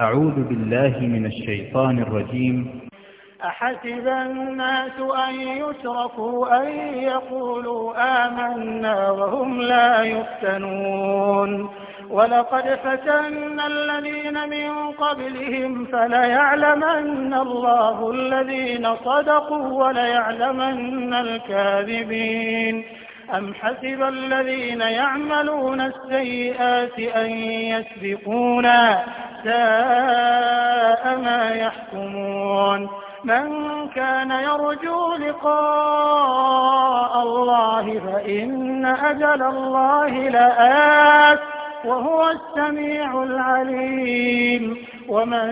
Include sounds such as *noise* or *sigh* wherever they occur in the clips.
أعوذ بالله من الشيطان الرجيم أحسب الناس أن يتركوا أن يقولوا آمنا وهم لا يفتنون ولقد فتنا الذين من قبلهم فليعلمن الله الذين صدقوا وليعلمن الكاذبين أم حسب الذين يعملون السيئات أن يسبقونا ساء ما يحكمون من كان يرجو لقاء الله فإن أجل الله لآت وهو السميع العليم ومن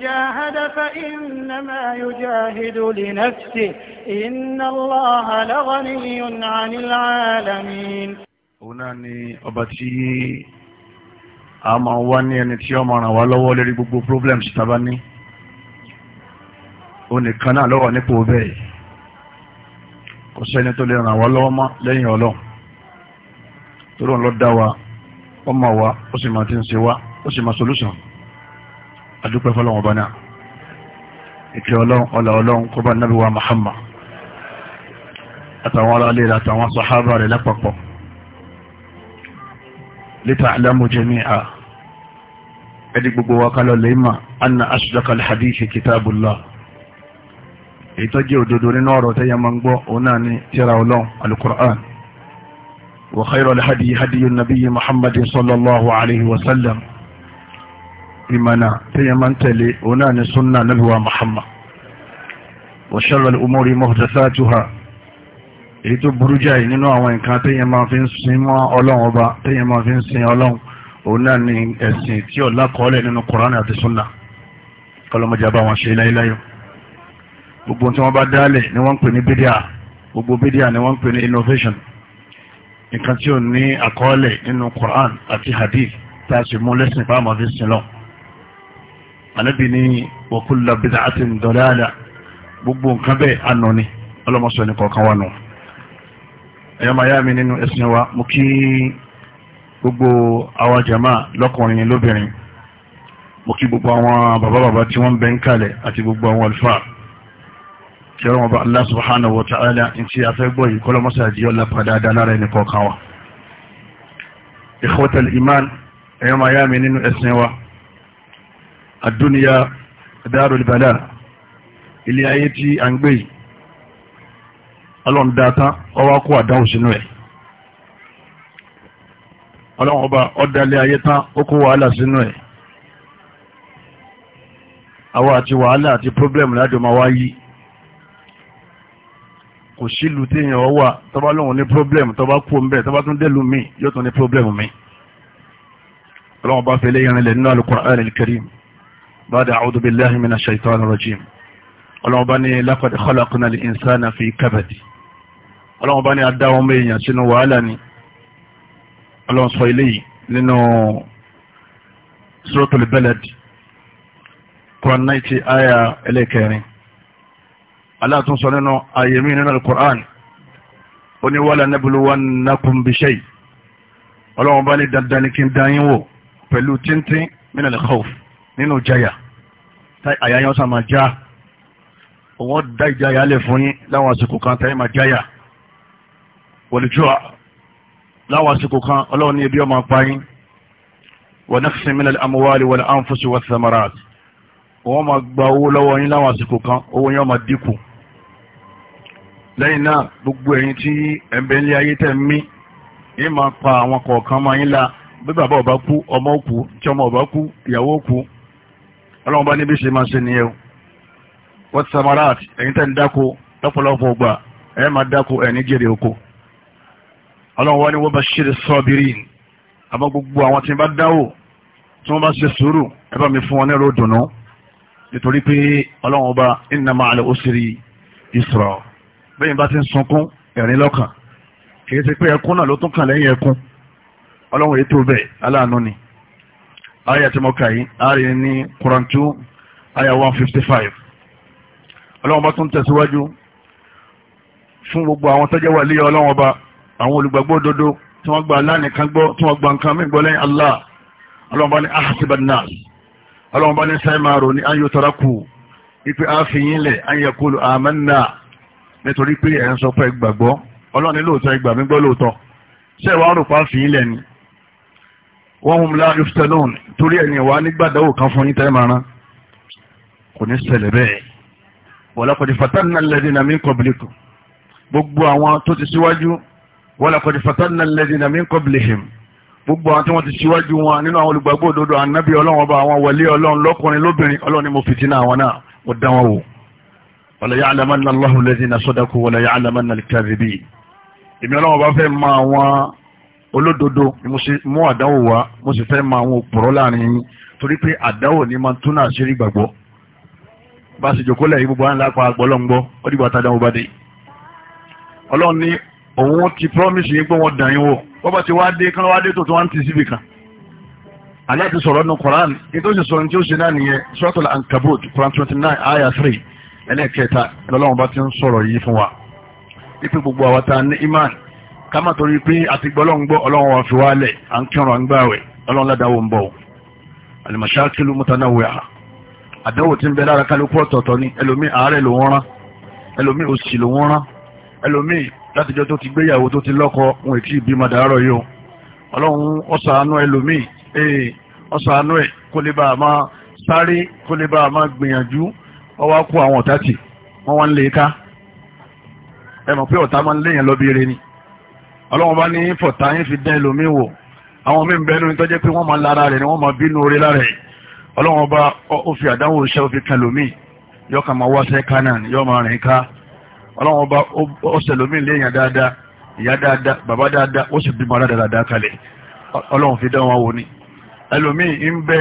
جاهد فإنما يجاهد لنفسه إن الله لغني عن العالمين ọ̀nà ni ọba tí a máa wá ní ẹni tí ó máa ràn wá lọ́wọ́ lórí gbogbo problems tàbá ní o nìkan náà lọ́wọ́ nípò bẹ́ẹ̀ kò sẹ́ni tó lè ràn wá lọ́wọ́ mọ́ lẹ́yìn ọlọ́run tó lóun lọ dá wa ó mọ̀ wá ó sì máa ti ń ṣe wá ó sì máa solution adúpẹ́ fọlọ́wọ́n bá náà ìkẹ́ ọlọ́run ọlà ọlọ́run kó bá nábì wa Muhammad àtàwọn ará ilé àtàwọn sàhábà rẹ̀ lápapọ̀ lita'lamu jami'a ẹni gbogbo wa kálọ̀ lẹ́yìnmà anna asdaqal hadithi kitabullah èyí tó jẹ́ òdodo nínú ọ̀rọ̀ tẹ́yẹ máa ń gbọ́ òun náà ni tírà ọlọ́run alukur'an wa khayral hadi hadiyu nabiyyi Muhammadin sallallahu alayhi wa sallam ìmọ̀nà tẹ́yẹ máa ń tẹ̀lé òun náà ni súnà nàbíwá Muhammad wa sharral umuri muhdathatuha èyí tó burú jáì nínú àwọn nǹkan tẹ́yẹ máa fi ń sin mọ́ ọlọ́run ọba tẹ́yẹ máa fi ń sin ọlọ́run òun ni ẹ̀sìn tí ọ̀la kọ́ọ́lẹ̀ nínú Kùránì àti súnà kọlọmọdé àbá wọn ṣe láyéláyò gbogbo tí wọ́n bá dálẹ̀ ni wọ́n ń pè ní bídíà gbogbo bídíà ni wọ́n ń pè ní innovation nǹkan tí ò ní àkọọ́lẹ̀ nínú Quran àti hadith tá a sì mú lẹ́sìn fáwọn fi sin lọ́wọ́ anábì ní wa kullu bid'atin dalalah gbogbo nǹkan bẹ́ẹ̀ àná ni ọlọ́mọsọ ní kọ̀ọ̀kan wà nù ẹ̀yọ́ máa yá mi nínú ẹ̀sìn wa mo kí gbogbo àwọn jama lọ́kùnrin lóbìnrin mo kí gbogbo àwọn bàbá bàbá tí wọ́n ń bẹ ń kalẹ̀ àti gbogbo àwọn àlùfáà kí ọlọ́mọba Allah subhanahu wa ta'ala ní tí a gbọ́ yìí kọ́lọ́mọsọ àjíyọ́ lápá dáadáa lára ẹni kọ̀ọ̀kan wa ikhwatal àdúnìyà dáàrò ìbàdà ilé ayé tí a ń gbé yìí ọlọ́run dáa tán ọwọ́ kó àdáhùn sínú ẹ̀ ọlọ́run ọba ọ̀dàlẹ̀ ayé tán ó kó wàhálà sínú ẹ̀ àwa àti wàhálà àti pírọ́blẹ̀mù lájọ máa wá yí kò sílùú téèyàn wà tọ́ba lóhun ní pírọ́blẹ̀mù tọ́ba kú ń bẹ̀ tọ́ba tún dẹ́lu míì yóò tún ní pírọ́blẹ̀mù míì ọlọ́run fẹ́lẹ́ yẹn rìn nínú Al-Qur'an al بعد أعوذ بالله من الشيطان الرجيم ọlọ́run bá ní laqad khalaqna al-insana fi kabad ọlọ́run bá ní adáwọn méèyàn sínú wàhálà ni ọlọ́run sọ ilé yìí nínú suratul balad quran 90 aya ẹlẹ́kẹrin Allah tún sọ nínú ayèmí nínú al-Qur'an ó ní wala nabluwannakum bi shay ọlọ́run bá ní dandan ní kí n dáyín wò pẹ̀lú tíntín min al-khawf nínú jaya àyà yẹn sá máa já òun dá ìjáyà lè fún yín láwọn àsìkò kan tẹ́yìn máa jáyà wọ̀lùjọ́ láwọn àsìkò kan ọlọ́run ní ebi ọmọ apá yín wọ́n náà fi mílẹ̀ amúwárí wọ́n ánfọ́sí wọ́n samarat wọ́n máa gba owó lọ́wọ́ yín láwọn àsìkò kan owó yín máa dínkù lẹ́yìn náà gbogbo ẹ̀yin tí ẹ̀ǹbẹ̀ ilé ayé tẹ̀ mí yín máa pa àwọn kọ̀ọ̀kan máa yín la bí bàbá ọba kú ọmọ kú tí ọmọ ọba kú ìyàwó kú ọlọ́run bá níbi ṣe máa ṣe nìyẹn o wọ́n ti samarat ẹ̀yin tẹ́ ń dáko lọ́pọ̀lọpọ̀ gbà ẹ̀ máa dáko ẹ̀ní jèrè oko ọlọ́run wá ní wọ́n bá ṣeré sọ́ọ́bìrì àmọ́ gbogbo àwọn tí ń bá dáwò tí wọ́n bá ṣe sùúrù ẹ bá mi fún wọn nẹ́rọ dùnú nítorí pé ọlọ́run ọba inna ma'al usri yusra bẹ́ẹ̀ bá ti ń sunkún ẹ̀rín lọ́kàn kì í ṣe pé ẹkún náà ló tún kàn lẹ́yìn ẹkún ọlọ́run ètò bẹ́ẹ̀ aláàánú ni aya tí mo kà yìí ari ní Quran two aya one fifty five ọlọ́wọ́n bá tún tẹ̀síwájú fún gbogbo àwọn tọ́jẹ́ wà léyà ọlọ́wọ́n bá àwọn olùgbàgbọ́ òdodo tí wọ́n gba aláǹkan gbọ́ tí wọ́n gba nǹkan mí gbọ́ lẹ́yìn Allah ọlọ́wọ́n bá ní ahasibannas ọlọ́wọ́n bá ní saimaru ní ayotaraku ipe àfihìnlẹ̀ ayẹkulu amanna nítorí pé ẹ̀ ń sọ pé gbàgbọ́ ọlọ́run ní lóòótọ́ ìgbà mi gbọ́ lóòótọ́ ṣé ìwà rò pa àfihìnlẹ̀ ni wọ́n hùm láàyò stallone torí ẹ̀yìn ìwà nígbàdáwò kan fún yín tẹ́ máa rán kò ní ṣẹlẹ̀ bẹ́ẹ̀ wọ́lákọ̀dì fatanna alladhina min qablikum gbogbo àwọn tó ti síwájú wọ́lákọ̀dì fatanna alladhina min qablihim gbogbo àwọn tí wọ́n ti síwájú wọn nínú àwọn olùgbàgbọ́ òdodo ànábì ọlọ́run ọba àwọn wàlí ọlọ́run lọ́kùnrin lóbìnrin ọlọ́run ni mo olódodo mú àdáwò wá mo sì fẹ́ máa àwọn òpùrọ́ láàrin yín torí pé àdáwò ní máa tún náà ṣeré gbàgbọ́ bá a sì jòkó lẹ́yìn gbogbo àńlá pa àgbọ̀lọ́ngbọ́ ó dìgbà tá bá dé ọlọ́run ní òun ti promise yín pé wọ́n dàn yín wò wọ́n bá ti wá dé kán wá dé tó tó wá ń ti síbì kan aláàtì sọ̀rọ̀ nù koran ètò ìṣe sọ̀rọ̀ tí ó ṣe náà nìyẹn suratul ankabut koran twenty nine aya three ẹlẹ́ẹ̀kẹta lọ́lọ́run bá ti ń sọ̀rọ̀ yìí fún wa ipe gbogbo Kama má torí pé àti gbọ́ ọlọ́run gbọ́ ọlọ́run wọn fi wá lẹ̀ à ń kírun à ń gbààwẹ̀ ọlọ́run ládàáwò ń bọ̀ al-mashakilu mutanawwi'a àdánwò tí ń bẹ lára kálukú ọ̀tọ̀ọ̀tọ̀ ni ẹlòmí àárẹ̀ ló wọ́n rán ẹlòmí òsì ló wọ́n rán ẹlòmí látijọ́ tó ti gbéyàwó tó ti lọ́kọ wọn èkì ìbímọ dàárọ̀ yìí o ọlọ́run ọ̀sàánú eh, e ẹ mọ̀ pé ọ̀tá máa ń léèyàn lọ bí eré ni ọlọ́wọ́n bá ní fọ̀tá yín fi dán ẹlòmíín wò àwọn míín bẹ́ẹ̀ ní tọ́jẹ́ pé wọ́n máa lára rẹ̀ ni wọ́n máa bínú orí lára rẹ̀ ọlọ́wọ́n bá ó fi àdánwò iṣẹ́ òfin kan lòmíín yọ kà máa wáṣẹ́ ká yọ máa rìn ká ọlọ́wọ́n bá ọ̀sẹ̀ lòmíín léèyàn dáadáa ìyá dáadáa bàbá dáadáa ó sì bímọ ni ń bẹ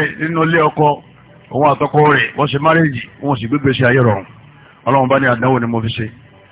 ọkọ òun àtọkọ ṣe wọn sì gbégbèsè ayé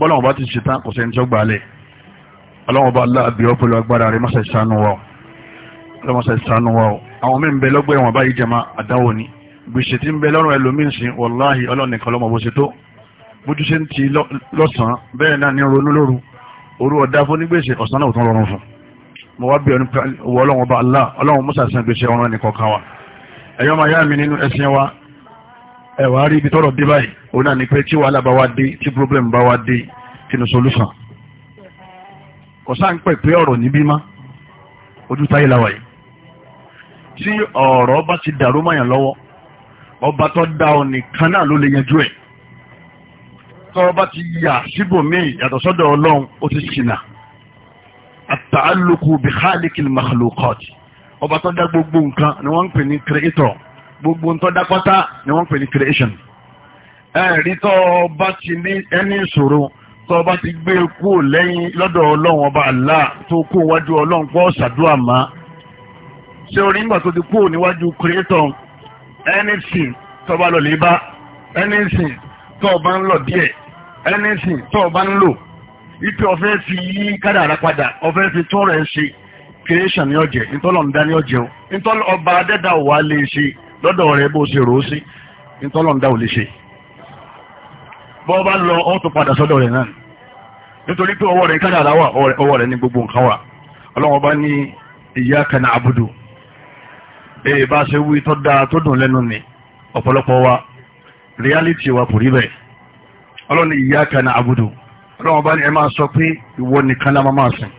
bọ́lọ́wọ́n bá ti ṣe tán kò sẹ́ni tó gbà lẹ̀ ọlọ́wọ́n bá láàbì ọ́ pẹ̀lú agbára rẹ̀ mọ́sẹ̀ sánú wa ọlọ́mọsẹ̀ sánú wa àwọn mí ń bẹ lọ́gbẹ́ wọn báyìí jẹma àdáwò ni gbèsè tí ń bẹ lọ́rùn ẹlòmíín sí wàláhì ọlọ́nìkan lọ́mọ bó ṣe tó bójú ṣe ń ti lọ́sàn-án bẹ́ẹ̀ náà ní ronú lóru orú ọ̀dá fún nígbèsè ọ̀sán náà ò tún rọrùn fún Allah ọlọ́wọ́n mọ́sàsán gbèsè ọ̀run ẹnì kọ̀ọ̀kan wa ẹ̀yọ́ máa yá mi nínú ẹ̀sìn wa ẹ̀wà rí ibi tọ́rọ̀ dé báyìí òun náà ni pé tí wàhálà bá wá dé tí problem bá wá dé kí ni solution kò sáà ń pè pé ọ̀rọ̀ níbí má ojú táyé la wà yìí tí ọ̀rọ̀ bá ti dàrú mọ́yàn lọ́wọ́ ọba tó dá ọ nìkan náà ló lè yanjú ẹ̀ tó ọba ti yà síbòmíì yàtọ̀ sọ́dọ̀ ọlọ́run ó ti ṣìnà àtàlùkù bìhálìkì màlúkọ̀tì ọba tó dá gbogbo nǹkan ni wọ́n ń pè ní creator gbogbo ntọ́ dápátá ni wọ́n pè ní creation ẹ̀rí tọ́ ọba ti ní ẹni ìṣòro tọ́ ọba ti gbé e kúrò lẹ́yìn lọ́dọ̀ ọlọ́run ọba Allah tó kó wájú ọlọ́run pọ́ ṣàdúrà má ṣé orí ńgbà tó ti kúrò níwájú creator anything tọ́ ọba lọ lè bá anything tọ́ ọba ń lọ díẹ̀ anything tọ́ ọba ń lò ipe ọ̀fẹ́ fi yí kádàrá padà ọ̀fẹ́ fi tún rẹ̀ ṣe creation ni ọ̀jẹ̀ ntọ́lọ̀ ń dá ní ọ̀jẹ̀ o ntọ́lọ̀ ọba adẹ́dà wà lè ṣe lọ́dọ̀ rẹ̀ bó ṣe rò ó sí nítọ́lọ́ndà ò lè ṣe bọ́ bá lọ ọ́ tó padà sọ́dọ̀ rẹ̀ náà nítorí pé ọwọ́ rẹ̀ ń kádàrá wà ọwọ́ rẹ̀ ní gbogbo nǹkan wà ọlọ́wọ́n bá ní iyyaka na'budu èyí bá ṣe wí tó dáa tó dùn lẹ́nu ni ọ̀pọ̀lọpọ̀ wa reality wa kò rí bẹ́ẹ̀ ọlọ́ni iyyaka na'budu ọlọ́wọ́n bá ní ẹ máa sọ pé ìwọ nìkan lá máa sìn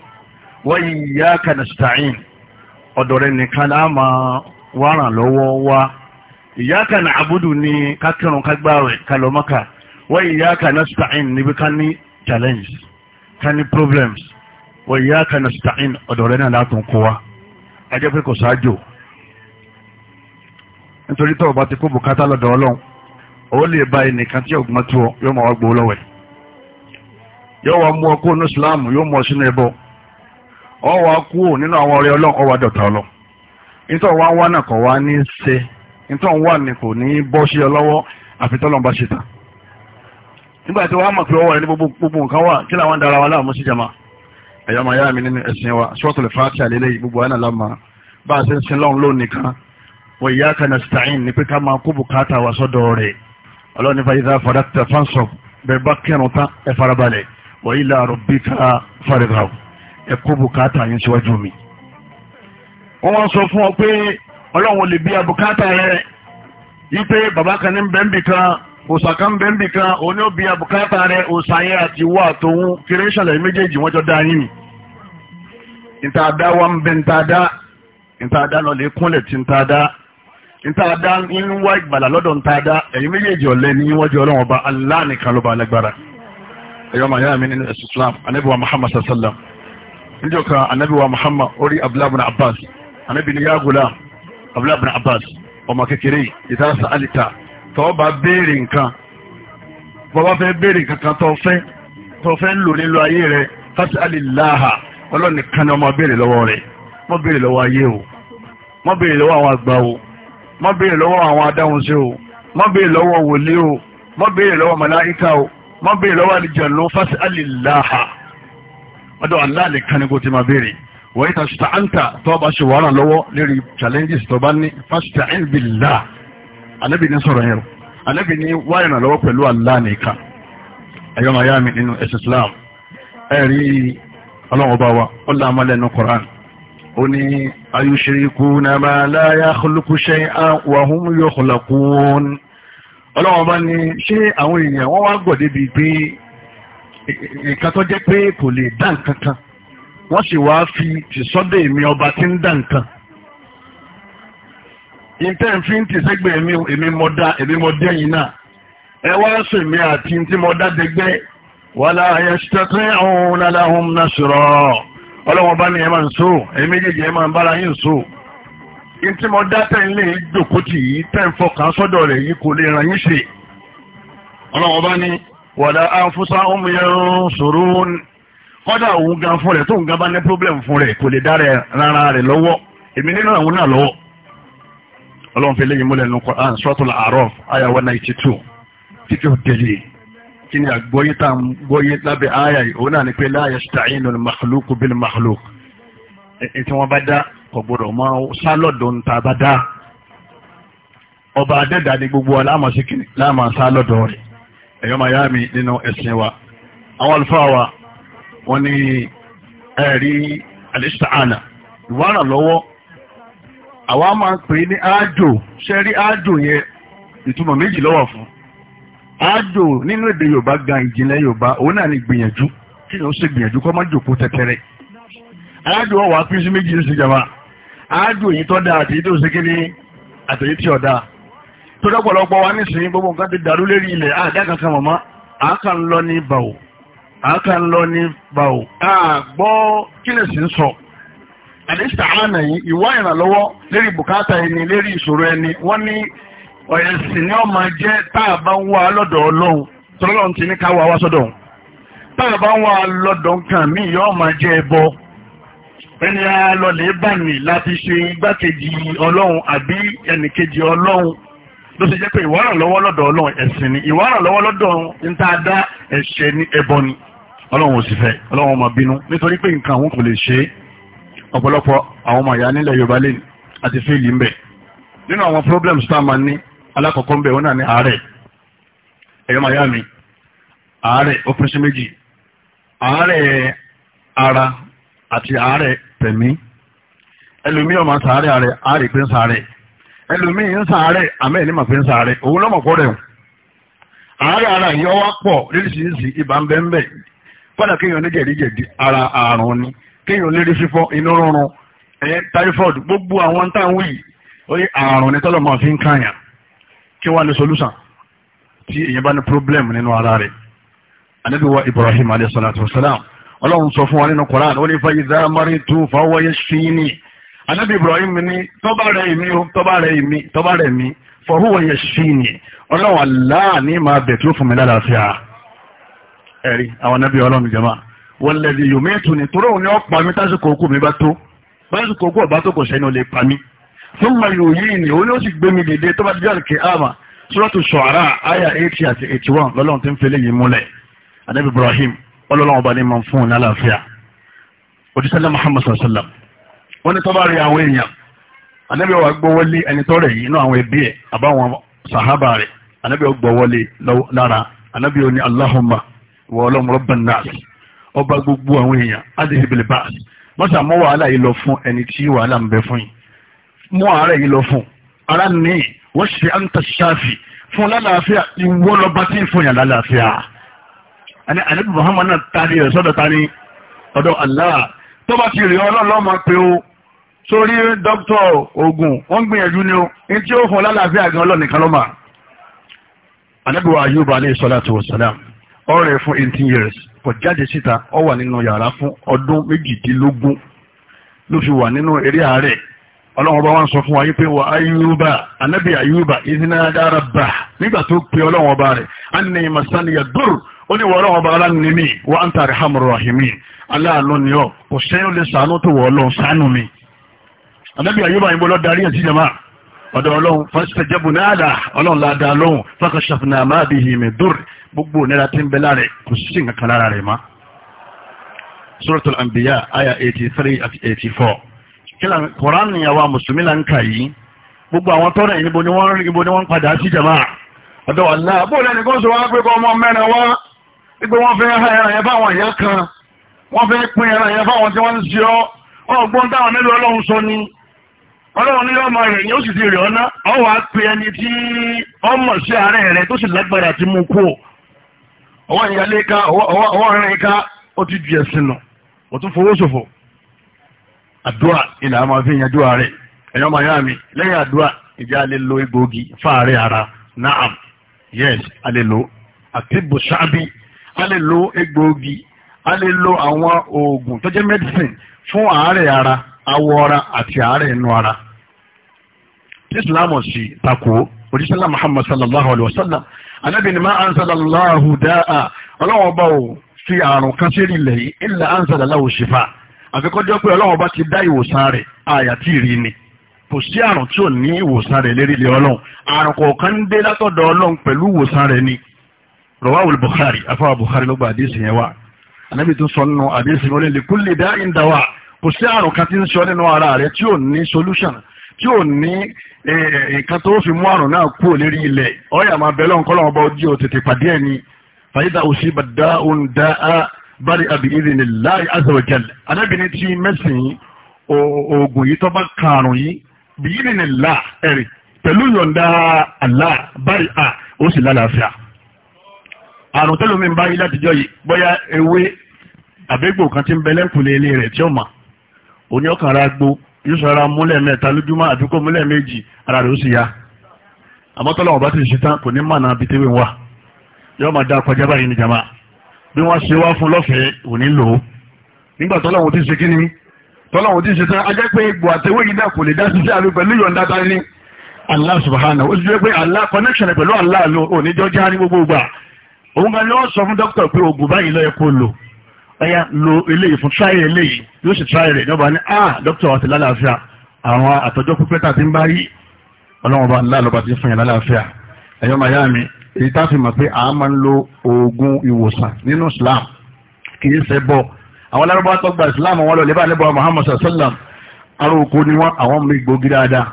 ọ̀dọ̀ rẹ̀ nìkan lá máa wá ràn lọ́wọ́ wá ìyáka nà àbúdù ní kakirun kágbáwẹ̀ kalomaka wọ́n ìyáka nà stain níbi ká ní challenge ká ní problems wọ́n ìyáka nà stain ọ̀dọ̀ rẹ̀ náà látún kó wa ajẹ́ pé kò sáájò nítorí ti kó bùkátà lọ́dọ̀ ọlọ́run ó lè ba ẹnìkan tí tó yóò máa wá gbowó yóò wá mú ní Islam yóò mú ọ sínú ẹbọ ọ wá nínú àwọn ọlọ́run ọ wá ọlọ́run nítorí wá wá náà kọ̀ wá ní ṣe nítorí wà ní kò ní bọ́ sí ọ lọ́wọ́ àfi tọ́lọ́n bá ṣe tà nígbà tí wàá mọ̀ pé ọwọ́ rẹ ní gbogbo nǹkan wà kí làwọn dára wa láàmú sí jama ẹ̀yọ́ màá yá mi nínú ẹ̀sìn wa sọ́ọ̀tù lè fa àti àlélẹ́ yìí gbogbo àná lámà bá a ṣe ń sin lọ́run lónìí kan wọ́n ìyá kan nasta'in ní pé ká máa kó bùkátà wa sọ́dọ̀ rẹ̀ ọlọ́run ní fàyíṣà fàdákítà fáńsọ̀ bẹ́ẹ̀ bá kẹrùn tán ẹ farabalẹ̀ wọ́n ìlà rabbika farighaw ẹ kó bùkátà yín síwájú mi. wọ́n wọ́n sọ fún ọ pé ọlọ́run lè bí abùkátà rẹ wípé bàbá kan ní bẹ́ńbì kan òòsà kan bẹ́ńbì rẹ yẹn àti kiri méjèèjì wọ́n jọ ni ntaada wa ń bẹ ntaada ntaada lọ lè kúnlẹ̀ ti ntaada ntaada ń wá ìgbàlà lọ́dọ̀ ntaada ẹ̀yin méjèèjì ọ̀lẹ́ ní wọ́n jọ ọlọ́run ọba Allah ló ba alágbára ẹ̀yọ́ mi ẹ̀sùn kan anábì ni yágùlá abúlábìn abbas ọmọ kékeré ìta sàálìta tọ́ bá béèrè nǹkan bọ́ bá fẹ́ béèrè nǹkan kan tọ́ fẹ́ tọ́ fẹ́ ń lò nílò ayé rẹ fásitì alìláhà ọlọ́nìkan ni ọmọ béèrè lọ́wọ́ rẹ mọ́ béèrè lọ́wọ́ ayé o mọ́ béèrè lọ́wọ́ àwọn àgbà o mọ́ béèrè lọ́wọ́ àwọn adáhunṣe o mọ́ béèrè lọ́wọ́ wòlé o mọ́ béèrè lọ́wọ́ màláíkà o mọ́ béèrè lọ́wọ́ àlìjànú fásitì alìláhà ọdọ̀ wọ́n yìí tàṣítà áńtà tó bá ṣe wàhálà lọ́wọ́ lérí challenges tó bá ní fásitì ẹ̀ńbìlá anábì ní sọ̀rọ̀ yẹn anábì ní wáyà náà lọ́wọ́ pẹ̀lú Allah nìkan ẹ̀yọ́ màá yá mi nínú ẹ̀sìn Islam ẹ̀rí ọlọ́run ọba wa ó là má lẹ́nu Quran ó ní ayushrikuna ma la yakhluqu shay'an wa hum ọlọ́run ọba ní ṣé àwọn èèyàn wọ́n wá gbọ̀dé pé ìkàtọ́jẹ́ pé kò lè dá nǹkan kan wọ́n sì wá fi tìsọ́dọ̀ èmi ọba tí ń dà nǹkan ìtẹ́ǹfín ti sẹ́gbẹ̀ èmi èmi mọ̀ dá èmi mọ̀ dẹ́yìn náà ẹ wá sọ èmi àti tí mo dá dẹgbẹ́ wàhálà ayẹsítẹ́tẹ́ ọ̀hún lálàhùn náà sọ̀rọ̀ ọlọ́wọ́n bá ní ẹ máa ń so èmi méjèèjì ẹ máa ń bára yín so ìtí mo dá tẹ́ǹlé ìjòkótì yìí tẹ́ǹfọ̀ kan sọ́dọ̀ rẹ̀ yìí kò lè ràn yín ṣe ọlọ́wọ́n bá ní wàhálà kọ́dà òun gan fún rẹ̀ tóun gan bá ní problem fún rẹ̀ kò lè dá rárá rẹ̀ lọ́wọ́ èmi nínú àwọn náà lọ́wọ́ ọlọ́run fi léyìn múlẹ̀ nínú Quran Suratul A'raf aya one ninety two títí ó délé kí ni àgbọ́yé tá à ń gbọ́yé lábẹ́ aya yìí òun náà ni pé la yasta'inu al-makhluq bil-makhluq ètí wọ́n bá dá kò gbọ́dọ̀ mọ́ sálọ̀dọ̀ ń bá dá ọba adẹ́dà ni gbogbo wa láàmú sí kìnnì láàmú sálọ̀dọ̀ rẹ̀ ẹ̀yọ́ màyá mi àwọn àlùfáà wa wọ́n ní ẹ̀rí alẹ́sàánà ìwárà lọ́wọ́ àwa máa ń pè ní ṣe rí ájò yẹn ìtumọ̀ méjì lọ́wọ́ fún ájò nínú èdè yorùbá gan ìjìnlẹ̀ yorùbá òun náà ni gbìyànjú kí ni ó ṣe gbìyànjú kọ́ má jòkó tẹ́tẹ́rẹ́ ájò ọ̀wà pín sí méjì ní ìṣèjọba ájò èyí tó dáa àti èyí kí ni àtẹ̀yí tí tó dọ́pọ̀lọpọ̀ wa nísìnyí gbogbo nǹkan ti dàrú àáká ń lọ ní báwo. àgbọ́ kílẹ̀ sí ń sọ àdéṣà àánà yìí ìwá ìrànlọ́wọ́ lérí bùkátà ẹni lérí ìṣòro ẹni wọ́n ní ọ̀yẹ̀ sì ni ó máa jẹ́ tá a bá ń wá lọ́dọ̀ ọlọ́run tọ́lọ́run ti ní ká wá wá sọ́dọ̀ tá a bá ń wá lọ́dọ̀ nǹkan míì yóò máa jẹ́ ẹbọ ẹni a lọ lè bà mí láti ṣe igbákejì ọlọ́run àbí ẹnìkejì ọlọ́run ló ṣe jẹ́ pé ìwárànlọ́wọ́ lọ́dọ̀ ọlọ́run ẹ̀sìn ni ìwárànlọ́wọ́ lọ́dọ̀ ń tá a dá ẹ̀ṣẹ̀ ní ẹbọ ni ọlọ́run ò sì fẹ́ ọlọ́run ọmọ bínú nítorí pé nǹkan àwọn kò lè ṣe ọ̀pọ̀lọpọ̀ àwọn ọmọ ìyá nílẹ̀ yorùbá lè àti fíìlì ń bẹ̀ nínú àwọn problems tá a máa ní alákọ̀ọ́kọ́ ń bẹ̀ wọn náà ní àárẹ̀ ẹ̀yọ́ màyá mi àárẹ̀ ó pín sí méjì àárẹ̀ ara àti àárẹ̀ tẹ̀mí ẹlòmíì ọmọ sàárẹ̀ àárẹ̀ àárẹ̀ pé sàárẹ̀ ẹlòmíì ń sàárẹ̀ àmẹ́ ẹni mà pé sàárẹ̀ òun lọ́mọ̀ kọ́ rẹ̀ àárẹ̀ ara yìí pọ̀ lóríṣiríṣi ibà kọ́dà kéèyàn ní jẹ̀díjẹ̀dí ara àrùn ni kéèyàn lérí fífọ́ inú rúnrun ẹ̀yẹ typhoid gbogbo àwọn táwọn yìí ó ní àrùn ní tọ́lọ̀ máa fi ń kàyàn kí wàá ní solution tí èèyàn bá ní problem nínú ara rẹ̀ anabi wa ibrahim alayhi salatu wa salam ọlọ́run sọ fún wa nínú koran ó ní fa idha maritu fa huwa yashfini anabi ibrahim ní tọ́ba rẹ̀ èmi o tọ́ba rẹ̀ èmi tọ́ba rẹ̀ èmi fa huwa yashfini ọlọ́run aláàánú máa bẹ̀ tó fún mi lálàáfíà ẹ̀rí àwọn nábì ọlọ́run jẹ́mà wọ́n lẹ́bi yòó mẹ́tù ni torí òun ni ó pa mí tásìkò òkú mi bá tó tásìkò òkú ọ̀bá tó kò sẹ́ni ó lè pa mí fún ma yòó yìí ni òun ni ó sì gbé mi dìde tó bá dijọ́ àlùkè àmà sọ́tù ṣọ̀ọ́rà àyà eighty àti eighty one lọ́lọ́run ti ń fẹ́lẹ́ yìí múlẹ̀ anabi ibrahim ọlọ́run ọba ni máa fún un lálàáfíà odisala muhammad sallam wọ́n ní tọ́ba rí àwọn èèyàn anabi wa gbọ́wọ́lé ẹni tọ́rẹ̀ yìí inú àwọn ẹbí ẹ̀ àbáwọn sàhábà rẹ̀ anabi wa gbọ́wọ́lé lára anabi wa ni allahumma wọ ọlọ́run rọ́bàn náà ọba gbogbo àwọn èèyàn adìsí bèlè bá wọ́n sà mọ́ wàhálà yìí lọ fún ẹni tí wàhálà ń bẹ fún yìí mú àárẹ̀ yìí lọ fún tí ń fún lálàáfíà àní ànábì Muhammad náà tani rẹ̀ sọ́dọ̀ tani ọ̀dọ̀ Allah tó bá ti rí ọlọ́lọ́ máa o sórí dókítà ogun wọ́n gbìyànjú ni o ní tí ó fún lálàáfíà gan ọlọ́nìkan lọ́mà ànábì wa Ayub alayhi salatu wa salam ọ̀rẹ́ fún eighteen years kò jáde síta ó wà nínú yàrá fún ọdún méjìdínlógún ló fi wà nínú eré àárẹ̀ ọlọ́run ọba wa ń sọ fún wa yí pé wà ayúbà anábì ayúbà ìdínádá rabba nígbà tó pe ọlọ́run ọba rẹ̀ ánì masaniya dùr ó ní wọ ọlọ́run ọba alánìmí wà á ń tàrí hamru rahimi aláàánú ni ọ kò sẹ́yìn lè sànú tó wọ ọlọ́run sànú mi anábì ayúbà yìí bọ́ lọ darí ẹ̀ sí jama ọ̀dọ̀ ọlọ́run fásitì jẹ́bù náà dà ọlọ́run ládàá lóhùn fákàṣàfìnà máa bìhì mi dùr gbogbo ònira tí ń bẹ láàrẹ̀ kò sí nǹkan kan lára rẹ̀ mọ́ suratul anbiya aya 83 àti 84 kílà koran ni àwa mùsùlùmí là ń kà yìí gbogbo àwọn tọ́rọ̀ yìí níbo ni wọ́n rí níbo ni wọ́n padà sí jama ọ̀dọ̀ Allah bóòlù ẹnì kan sọ wá pé kọ́ ọmọ mẹ́rin wá wípé wọ́n fẹ́ ha ẹran yẹn fáwọn ìyá kan wọ́n fẹ́ pín ẹran yẹn fáwọn tí wọ́n ń ṣe ọ́ ọgbọ́n táwọn mẹ́lú ọlọ́run sọ ni ọlọ́run ní ọmọ rẹ̀ ni ó sì ti rẹ̀ ọ́ná ọwọ́ á pe ẹni tí ọmọ sí àárẹ̀ rẹ̀ tó sì lágbára ti mú kú ọwọ́ ìyálé ká ọwọ́ ìrìn ká ó ti di ẹ̀sìn nù ó tún fowó ṣòfò àdúrà ilẹ̀ a máa fi yanjú ààrẹ ẹ̀yọ́ máa yá mi lẹ́yìn àdúrà ìjà a lo ara yes a lè lo àtibù sábì a a lo oògùn tó jẹ́ fún àárẹ̀ ara awọ ara àti àárẹ̀ inú ara islam sì takò muhammad sallallahu wa sallam anábì ni máa ansalallahu dáa ọlọ́run ọba ò fi àrùn kan sí ilẹ̀ yìí illa ansalallahu shifa àfikọ́jọ́ pé ọlọ́run ọba ti dá ìwòsàn rẹ̀ àyàtì rí ni kò sí àrùn tí ò ní ìwòsàn rẹ̀ lérí ilẹ̀ ọlọ́run àrùn kọ̀ọ̀kan dé látọ̀dọ̀ ọlọ́run pẹ̀lú ìwòsàn rẹ̀ ni rọwáwul Bukhari afọwà Bukhari ló gba àdéhìsì yẹn wá anábì tó sọ nínú àdéhìsì wọlé li kulli da'in dawa kò sí àrùn kan tí ń sọ nínú ara rẹ̀ tí ò ní solution tí ò ní nǹkan tó fi mú àrùn náà kú lérí ilẹ̀ ọ̀yà máa bẹ̀rẹ̀ ọ̀nkọ́ lọ́wọ́ bá ojú òtètè pàdé ẹ̀ ni fàyídà òsì bàdá òun dá a bari àbí ìdí ni láì azza wa tí mẹ́sìn oògùn yìí tó kàrùn yìí bí ìdí ni là ẹ̀rì pẹ̀lú yọ̀ǹda Allah bari a ó sì lálàáfíà àrùn tẹ́lómi ń bá yí látijọ́ yìí bóyá ewé àbẹ́gbò kan ti ń bẹ lẹ́kùnlé ilé rẹ̀ tí ó mà òní gbó yóò sọ̀rọ̀ múlẹ̀ mẹ́ta lójúmọ́ àdúgbò múlẹ̀ méjì ara rẹ̀ ó sì ya àmọ́ tọ́lá ọba ti ṣe tán kò ní mànà bí tẹ́wé wa yóò máa dá kọjá báyìí ní jama bí wọ́n ṣe wá fún lọ́fẹ̀ẹ́ ò ní lò ó nígbà tọ́lá ti ṣe kí ni ti ṣe tán pé egbò yìí náà kò lè dá pẹ̀lú yọ̀ǹda Allah ó sì Allah connection pẹ̀lú Allah ò ní ẹ̀yà lo eléyìí fún tíráyì eléyìí yóò sì tíráyì rẹ̀ ìjọba ní ah dókítà wa ti lálàáfíà àwọn àtọ́jọ́ pípẹ́ tà ti ń bá yí ọlọ́run ọba ńlá lọ́ba ti fún yẹn lálàáfíà ẹ̀yọ́ màyá mi èyí tá a fi mọ̀ pé a máa ń lo oògùn ìwòsàn nínú Islam kì í ṣe bọ́ àwọn lárúbáwá tó Islam wọn lọ lẹ́bàá lẹ́bàá Muhammad sallam aróko ni wọn àwọn mi gbòógì dáadáa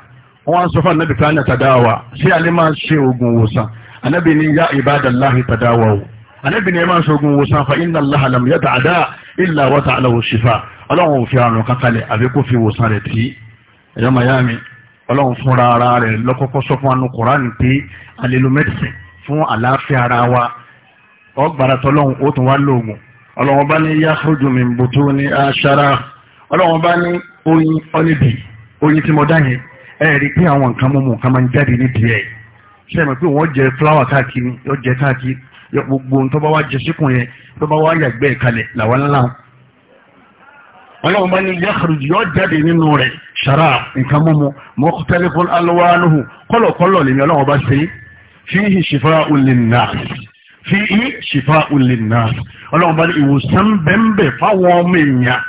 wọn sọ fún anabi fún anatadawa ṣé alẹ́ máa ṣe oògùn ìwòsàn anabi ni ya ànábì ni ẹ máa ń sọ̀gùn wòsàn fa inna Allaha lam yata'ada illa wata'a lahu shifa ọlọ́run fi àrùn kankalẹ̀ àbí kó fi wòsàn rẹ̀ tí ẹ̀yọ́ mayami ọlọ́run fúnra ara rẹ̀ lọ́kọ́kọ́ sọ fún anu Qur'an pé alilu medicine fún àlàáfíà ara wa ọgbàrà tọ́lọ́run ó tún wá lóògùn ọlọ́run bá ní yakhruju min butuni ashara ọlọ́run bá ní oyin ọ́nìbì oyin tí mo dá yẹn ẹ rí pé àwọn nǹkan mọ̀mọ́ nǹkan máa ń jáde nídìí ẹ̀ ṣe é mọ̀ pé wọ́n jẹ fúláwà káàkiri yóò jẹ káàkiri yọ gbogbo tó bá wá jẹ síkùn yẹn tó bá wá yàgbẹ́ kalẹ̀ làwọn ńlá ọlọ́run bá ní yakhruj yọ jáde nínú rẹ̀ ṣara nǹkan mímu mukhtalifun alwanuhu kọ́lọ̀kọ́lọ̀ lèmi ọlọ́run bá ṣe fihi shifa'un linnas fihi shifa'un linnas ọlọ́run bá ní ìwòsàn bẹ́ẹ̀ fáwọn ọmọ èèyàn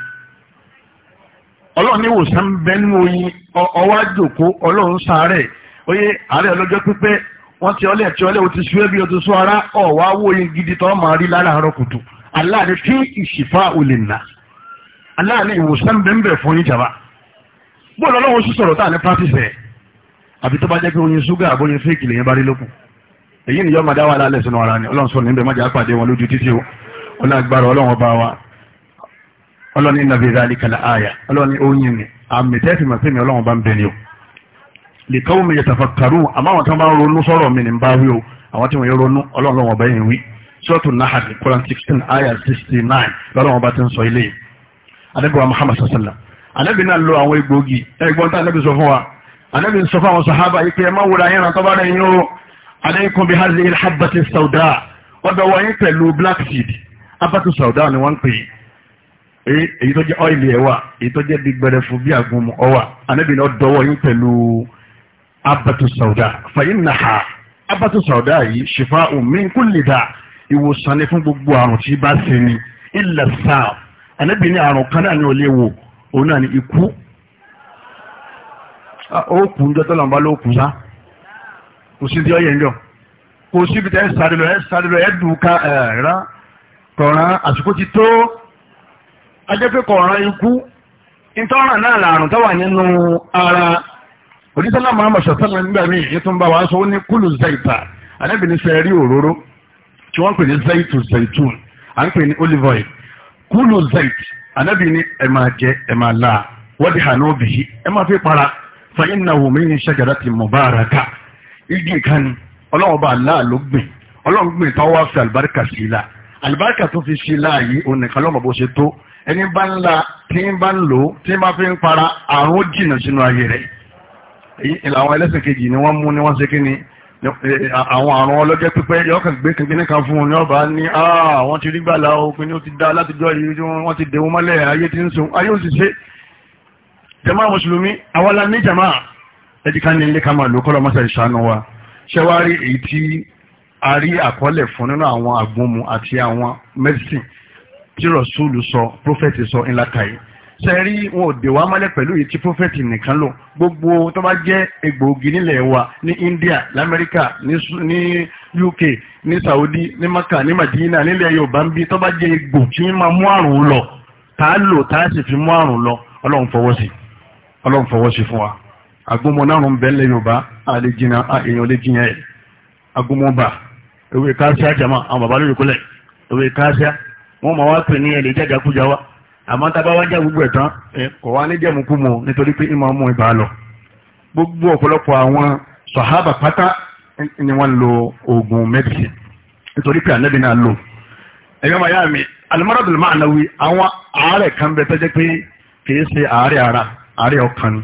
ọlọ́run ní ìwòsàn bẹ́ẹ̀ oyin ọwọ́ àjòkó ọlọ́run sáré oyè àárẹ̀ ọlọ́jọ́ pípẹ́ wọ́n ti ọlẹ́ ti ọlẹ́ o ti sún ẹbí o ti sún ara ọ̀wá wòye gidi tó máa rí lálàárọ̀ kùtù aláàní tí ìṣìfà olè nà aláàní ìwòsàn bẹ́ẹ̀ fún yín jàmbá bóòlù ọlọ́run sì sọ̀rọ̀ táà ní practice rẹ̀ àbí tó bá jẹ́ pé oyin ṣúgà àbóyin fíìkì lèyìn bá rí lókun èyí ni yọ́ máa dá wà lálẹ́ sínú ara ni ọlọ́run sọ̀rọ̀ níbẹ̀ májà pàdé wọn lójú títí o ọlọ́gbàrá ọlọ́run ọba wa lè kọ́ mi yẹtàfà kàrún àmọ́ àwọn tó máa ń ronú sọ̀rọ̀ mi ní bá wí o àwọn tí wọ́n yẹ ronú ọlọ́run ọba yẹn wí sọ́ọ̀tù nahad quran sixteen ayat sixty nine lọ́dọ̀ wọn bá ti ń sọ ilé anabiwa muhammad sallam anabi náà lo àwọn egbòogi ẹgbọ́n tá anabi sọ fún wa anabi sọ fún àwọn sahaba yìí pé ẹ má wúra yẹn ràn tọ́ba rẹ̀ yín o alaykum bi hazi ilhabati sauda ọ̀dọ̀ wọ̀ yín pẹ̀lú black seed abatu sauda ni wọ́n ń pè é èyí tó jẹ́ ọ́ìlì ẹ̀wà èyí tó jẹ́ bí gbẹrẹfu bí àgùnmu ọ̀wà anábì náà dọ́wọ́ yín abatu sauda fàyínnaha abatu sauda yìí ṣìfà min kulli da ìwòsàn ni fún gbogbo àrùn tí bá ṣe ni illa sáà ànábì ní àrùn kan náà ni ò lè wò òun náà ni ikú ah, ó kù ń jọ tọ́lọ̀ kò sí ti ọyẹ ń kò sí ibi tẹ́ ẹ sáré ẹ sáré ẹ dùn ẹ rà kọ̀ọ̀ràn àsìkò ti tó ajẹ́ pé ikú ìtọ́ràn náà làrùn tó nínú ara onísọ́lá muhammed sọ̀tọ́lá nígbà míì yìí tún bá wa sọ ó ní kúlù zaita anábìnrin sẹ rí òróró tí wọ́n pè ní zaitu zaitun à ń pè ní olive oil kúlù zait anábìnrin ẹ máa jẹ ẹ máa la wọ́dí hànú bìí ẹ máa fi para fa innahu min shajarati mubaraka igi kan ọlọ́run bá aláà ló gbìn ọlọ́run gbìn tó wá fi àlùbáríkà sí i la àlùbáríkà tó fi sí i la yìí òun nìkan lọ́mọ bó ṣe tó ẹni bá ń la tí ń bá ń lò tí ń bá fi ń para àrùn jìnnà sínú ayé rẹ̀ àwọn ẹlẹ́sìn kejì ni wọ́n mú ni wọ́n ṣe kí ni àwọn àrùn ọlọ́jẹ́ pípẹ́ yọ́kàn gbé kìnní kan fún un ní ọba ní àwọn ah, ti rí gbàlá òfin ní ó ti dá látijọ́ yìí tí wọ́n ti dẹ̀wọ́n mọ́lẹ̀ ayé ti ń sun ayé òṣìṣẹ́ jama mùsùlùmí awọ́lá ní jama ẹjíká ní ilé kama ló kọ́lọ́ mọ́sẹ̀ ìṣàánú wa ṣẹ́wárí èyí tí a rí àkọọ́lẹ̀ fún nínú àwọn agbóhùn àti àwọn mẹ́sìn tí rọ̀ṣúlù sọ prófẹ́tì sọ ńlá kàyé sẹ́rí wọn ò dè wá mọ́lẹ̀ pẹ̀lú èyí tí prọfẹ̀tì nìkan lò gbogbo tó bá jẹ́ egbòogi nílẹ̀ wa ní India lamẹ́ríkà ní UK ní Saudi ní Maka ní Madina nílẹ̀ Yorùbá ń bí tó bá jẹ́ egbò tí ń máa mú àrùn lọ tá a lò tá a sì fi mú àrùn lọ Ọlọ́run fọwọ́ sí Ọlọ́run fọwọ́ sí fún wa agbómọ̀nárùn bẹ́ẹ̀ lẹ̀ Yorùbá àlejìnà èèyàn lè jiyàn ẹ̀ agbómọba ewé káṣíá jama àwọn bàbá lórí kúlẹ̀ ewé káṣíá wọ́n máa wá pè ní ẹ̀lẹ́jàjà kújà wa àmọ́ tábà wájà gbogbo ẹ̀tán kò wá ní jẹ̀mú kú mu nítorí pé ìmọ̀ ọmọ ìbá lọ gbogbo ọ̀pọ̀lọpọ̀ àwọn sọ̀hábà pátá ni wọ́n lo oògùn medicine nítorí pé ànábì náà lò ẹ̀yọ́ màyá mi alimaradul ma'anawi àwọn àárẹ̀ kan bẹ tẹ́jẹ́ pé kìí ṣe àárẹ̀ ara àárẹ̀ ọkàn ni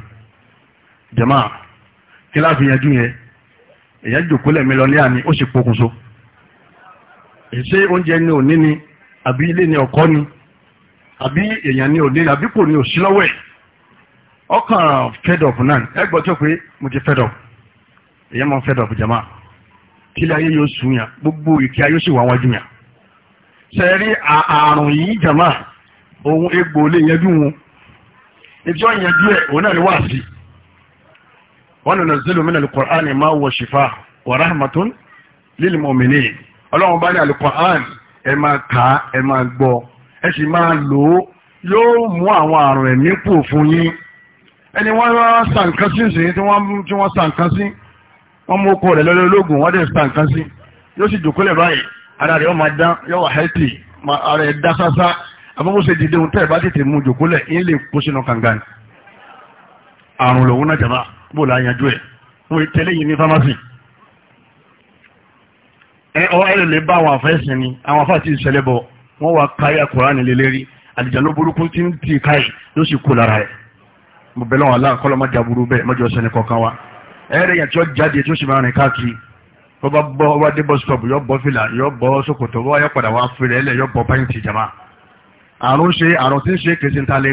jẹ̀má kí láti yanjú yẹn èyàn jòkó lẹ́mi lọ ní àní ó ni òní ni ni ọkọ àbí èèyàn ni ò ní àbí kò ní òsí lọ́wọ́ ẹ̀ ọkàn fed up náà ẹ gbọ́ tó pé mo ti fed up èèyàn máa ń fed up jama kílẹ̀ ayé yóò sùn yàn gbogbo ìkí ayé sì wà wájú yàn sẹ́rí àrùn yìí jama ohun egbò lè yẹjú wọn ìjọ yẹn díẹ̀ òun náà ni wà sí wọn nana zilu min alukur'ani ma wọ shifa wa rahmatun lil mu'minin ọlọ́run bá ní alukur'ani ẹ máa kà á máa gbọ́ ẹ sì máa lò ó yóò mú àwọn àrùn ẹ̀mí pò fún yín ẹni wọ́n rán sàǹkan sí sí tí wọ́n sàǹkan sí wọ́n mú okò rẹ̀ lọ́lọ́ ológun wọ́n dẹ̀ sàǹkan sí yóò sì jòkólẹ̀ báyìí ara rẹ̀ yóò máa dán yóò wà hẹ́tì ara ẹ̀ dá sásá àbúkóṣe dìde ohun tẹ́ ẹ̀ bá tètè mú jòkólẹ̀ yín lè kó sínú kàngan àrùn lòun náà jàmbá bó la yanjú ẹ̀ wọ́n tẹ́lẹ̀ yìí ní fámásì ẹ̀ ọ́ ẹ̀ lè bá àwọn àfẹ́sìn ni àwọn àfáà ṣẹlẹ̀ bọ̀ wọ́n wá káyà kùránì lélẹ́rí àlìjáná burúkú tí ń tì káyì ló sì kú lára ẹ̀ mo bẹ̀rẹ̀ wọn aláǹkọ́ lọ́mọ jà burú bẹ́ẹ̀ mọ́jọ sẹ́ni kọ̀ọ̀kan wa ẹ̀rẹ́ yẹn tí ó jáde tí ó sì máa rìn káàkiri wọ́n bá bọ́ wọ́n dé bọ́ stop yọ bọ́ fìlà yọ bọ́ ṣòkòtò wọ́n yọ padà wá fìlẹ̀ ẹlẹ̀ yọ bọ́ pẹ́ǹtì jama àrùn ṣe àrùn tí ń ṣe kèsì ta lè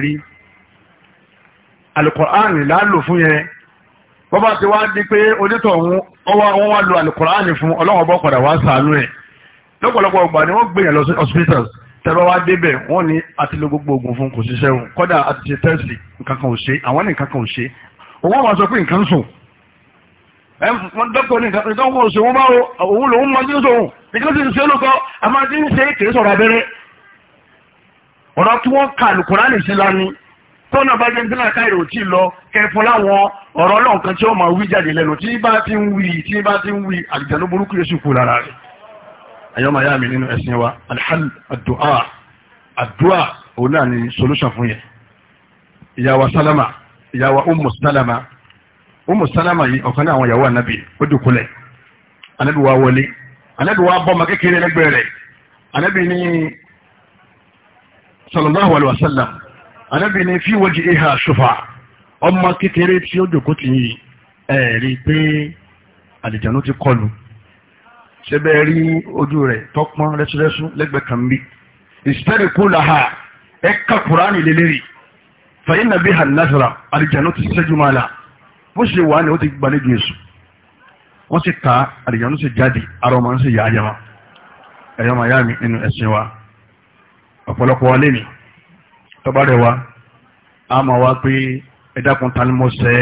alukur'an lálò fún yẹn wọ́n bá ti wá di pé onítọ̀hún wọ́n wá lo alukur'an fún ọlọ́wọ́n bọ́ padà wá sàánú ẹ̀ lọ́pọ̀lọpọ̀ ọgbà ni wọ́n gbé yẹn lọ sí hospital. tẹ́lọ́ wá débẹ̀ wọ́n ní àti lo gbogbo oògùn fún kò ṣiṣẹ́ òun kọ́dà àti ṣe tẹ́sì nǹkan kan ò ṣe àwọn nìkan kan ò ṣe òun àwọn sọ pé nǹkan sùn wọ́n dọ́kítọ̀ ní nǹkan kan ò ṣe òun bá òun lòun máa ń dín sóhun nìkan ń ṣe lóko a máa ti ń ṣe kì í sọ̀rọ̀ abẹ́rẹ́ ọ̀rọ̀ tí wọ́n ka Al-Kùránì sí la ni tọ́nà bá jẹ́ nígbà káyọ̀ ò tí ì lọ kẹfún láwọn ọ̀rọ̀ ọlọ́run kan tí ó máa wí jáde lẹ́nu tí bá ti ń wí tí bá ti ń wí àlùjànnú yẹn sì kú lára rẹ̀ àyọ́mà yá mi nínú ẹ̀sìn wa alhal àdúà àdúà òun náà ni solution fún yẹn ìyàwó sálámà ìyàwó umu sálámà umu sálámà yìí ọ̀kan náà àwọn ìyàwó ànábì ó dùkúlẹ̀ ànábì wa wọlé ànábì wa bọ́ ọmọ kékeré lẹ́gbẹ̀ẹ́ rẹ̀ ànábì ní sallallahu alaihi wasallam ànábì ní fi wajiha ṣùfà ọmọ kékeré tí ó dùkú ti yìí ẹ̀ẹ́rí pé àlìjànú ti kọlù ṣẹbẹ́ rí ojú rẹ̀ tọ́pọ́n rẹ́súrẹ́sú lẹ́gbẹ̀ẹ́ kan bí ìsítẹ́rì kú làhà ẹ ká kùránì lélẹ́rì fàyín nàbí hànásàrà àlìjànú ti ṣẹ́jú máa là bó ṣe wà ní ó ti gbàlejò èṣù wọ́n sì ta àlìjànú sì jáde ara sì yá ayẹwa ẹ̀yọ́ màá yá nínú ẹ̀sìn wa ọ̀pọ̀lọpọ̀ wa lénìí tọ́ba rẹ̀ wa a máa wá pé ẹ dákun tanimọ̀sẹ̀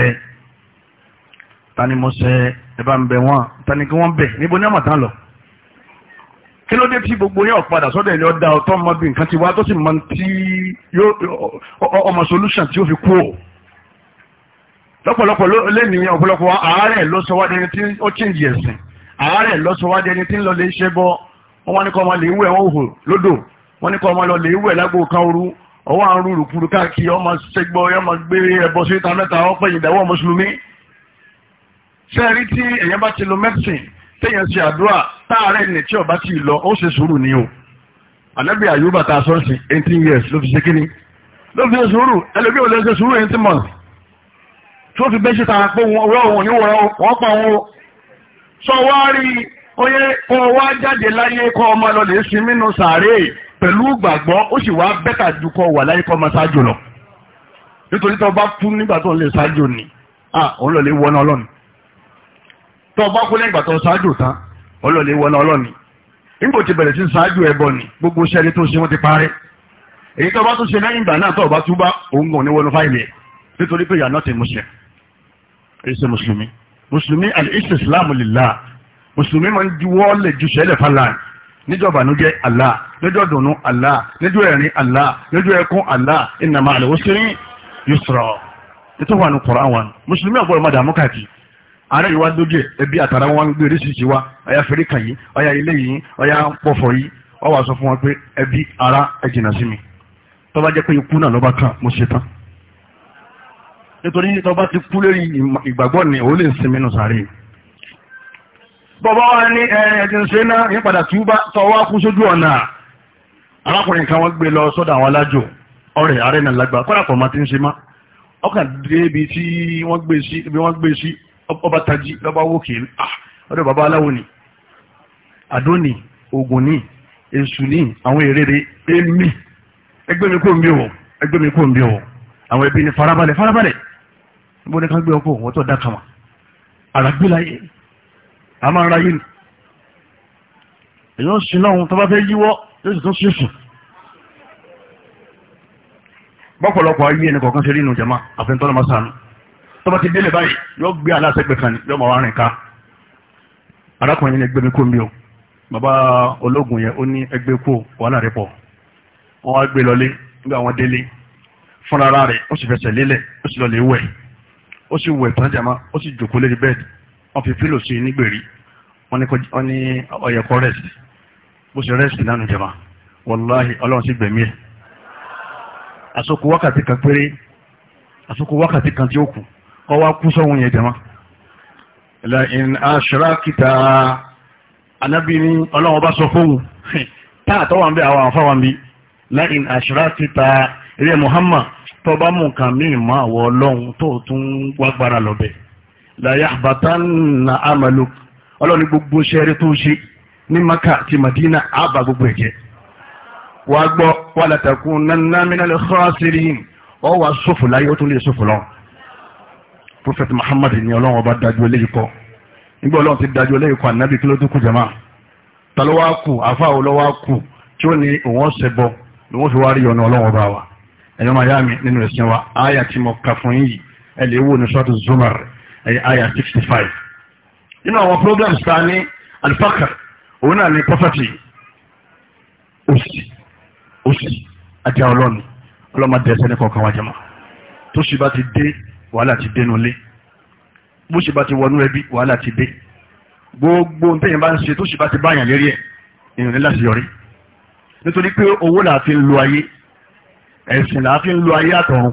tanimọ̀sẹ̀ ẹ bá ń bẹ wọn tani kí wọ́n bẹ̀ níbo ní àmọ̀tán lọ kí ló dé tí gbogbo yóò padà sọ́dọ̀ ẹ̀lẹ́ ọ̀dà ọ̀tọ́ ọmọ bí nǹkan ti wá tó sì mọ tí ọmọ solution tí ó fi kú o lọ́pọ̀lọpọ̀ lẹ́nìyàn ọ̀pọ̀lọpọ̀ àárẹ̀ lọ́sọ̀wádìí ẹni tí ó change ẹ̀sìn àárẹ̀ lọ́sọ̀wádìí ẹni tí ń lọ lè ṣe bọ́ wọ́n ní kọ́ ọmọ lè wẹ̀ wọ́n hò lódò wọ́n ní sẹ́ẹ̀rí tí èèyàn bá ti lo medicine téèyàn ṣe àdúrà táàárẹ̀ ní tí ọba ti lọ ó ṣe sùúrù ni o ànábì àyùbá ta sọ́ọ̀sì eighteen years ló fi ṣe kíni ló fi ṣe sùúrù ẹlòmíì ò lè ṣe sùúrù eighteen months tó fi bẹ́ síta pé wọ́n òun ní wọ́n pa wọn o sọ wá rí oyé kọ́ wá jáde láyé kọ́ ọmọ lọ lè sin mínú sàárè pẹ̀lú gbàgbọ́ ó sì wá bẹ́tà ju kọ́ wà láyé kọ́ ọmọ ṣáájú lọ nítorí tó bá kú nígbà tó ń lè ṣáájú ni ah òun lọ lè wọ́n náà lọ́nà tó bá kú lẹ́yìn ìgbà tó ṣáájú tán ọlọ́ọ̀lẹ́ wọlé ọlọ́ọ̀ni nígbò ti bẹ̀rẹ̀ sí ṣáájú ẹbọ ni gbogbo sẹ́ni tó ṣe wọ́n ti parẹ́ èyí tó bá tún ṣe lẹ́yìn ìgbà náà tó bá tún bá òun gan ní wọnú fáìlì ẹ̀ nítorí pé yàrá ti muslim ẹsẹ mùsùlùmí mùsùlùmí àlẹ́sẹ̀ islámù lìlá mùsùlùmí máa ń juwọ́ lè ju sẹ́lẹ̀ fàlàní níjọ́ bànújẹ́ Allah níjọ́ dùnú Allah níjọ́ ẹ̀rín Allah níjọ́ ẹkún Allah ìnàmà àlẹ́wọ́sẹ́rín yusra ètò wà ní kọ̀ọ̀rọ̀ àwọn mùsùlùmí ọ̀gbọ́n ọmọdé àmúkàkì ààrẹ yìí wá ń dójú ẹ̀ ẹbí àtàrà wọn ń gbé oríṣiríṣi wa ọ̀yà fẹ́ríkà yìí ọ̀yà ilé yìí ọ̀yà pọ̀fọ̀ yìí wọ́n wá sọ fún wọn pé ẹbí ara ẹ jìnnà sí mi tó bá jẹ́ pé ikú náà lọ́ba kan mo ṣe tán nítorí tó bá ti kú lórí ìgbàgbọ́ ni òun lè sinmi nù sáré bọ́bá wa ní ẹ̀ẹ́dìn ṣe náà ní padà tí ó bá tọwọ́ kú sójú ọ̀nà arákùnrin kan wọ́n gbé lọ sọ́dọ̀ àwọn alájò ọ̀rẹ́ ààrẹ lágbà kọ́dà ọba tají lọ́ba wókè ah, ọdọ̀ bàbá aláwo ni àdó ni oògùn ni èṣù ni àwọn èrèrè èmi ẹgbẹ́ mi kò ń bí wọ̀ ẹgbẹ́ mi kò ń bí wọ̀ àwọn ẹbí ni farabalẹ̀ farabalẹ̀ níbo ni ká gbé ọkọ̀ wọ́n tó dákàmà àràgbé láyé a máa ra yé èyàn sin náà tó bá fẹ́ yíwọ́ yóò sì tún sí sùn bọ́pọ̀lọpọ̀ ayé ẹnì kọ̀ọ̀kan ṣe rí inú jẹ̀má àfẹ́ntọ́nà máa sànù tọba ti délé báyìí yóò gbé aláṣẹpẹ kan yóò máa wá ká arákùnrin yẹn gbé mi kó mi o bàbá ológun yẹn ó ní ẹgbẹ́ kó wàhálà rẹ̀ pọ̀ wọ́n wá gbé lọlé nígbà wọn délé fúnra rẹ̀ ó sì fẹsẹ̀ lélẹ̀ ó sì lọlé wẹ̀ fi pílò sí i wọ́n ní ọ̀yẹ̀kọ́ rẹ̀sì bó ṣe rẹ̀sì lánàá jàmá ọlọ́run sì gbẹ̀mí ẹ̀ àsokò wákàtí kan péré kọ́ wá kú sọ́hun yẹn jẹ́mọ́ lẹ́yìn aṣọ́rákìtà anábì ní ọlọ́run bá sọ fóun *laughs* táà tọ́wà ń bẹ àwọn àfáwà ń bí lẹ́yìn aṣọ́rákìtà eré Muhammad tó bá mú nǹkan míì mọ́ àwọn ọlọ́run tó tún wágbára lọ́bẹ̀ láyé àbátánà àmàlò ọlọ́run gbogbo ṣẹ́rí tó ṣe ní Maka àti Madina àbá gbogbo ẹ̀jẹ̀ wàá gbọ́ wàlàtàkùn nánà lè xọ́ àṣírí yìí ọ láyé ó tún lè sófò lọ́wọ́ prophet muhammad ni ọlọ́run ọba dájú eléyìí kọ́ nígbà ọlọ́run ti dájú eléyìí kọ́ ànábì kí ló tó kù jama ta ló wá kù àfa wo ló wá kù tí ó ní òun ọ̀sẹ̀ bọ ni wọ́n fi wá rí ọ̀nà ọlọ́run ọba wa ẹ̀yọ́ máa yá mi nínú ẹ̀sìn wa àyà tí mo kà fún yìí ẹ̀ lè wò ní sọ́tù zumar ẹ̀yìn àyà sixty five nínú àwọn programs ta ní alifakar òun náà ní property òsì òsì àti ọlọ́run ọlọ́run máa dẹ̀ sẹ́ni kọ̀ọ̀kan wájà máa tó sì bá ti dé wàhálà ti dénú lé bó ṣe bá ti wọnú ẹbí wàhálà ti dé gbogbo ohun tẹ́yìn bá ń ṣe tó ṣe bá ti báyàn lérí ẹ̀ èèyàn ní láti yọrí nítorí pé owó là fi ń lo ayé ẹ̀sìn là fi ń lo ayé àtọ̀run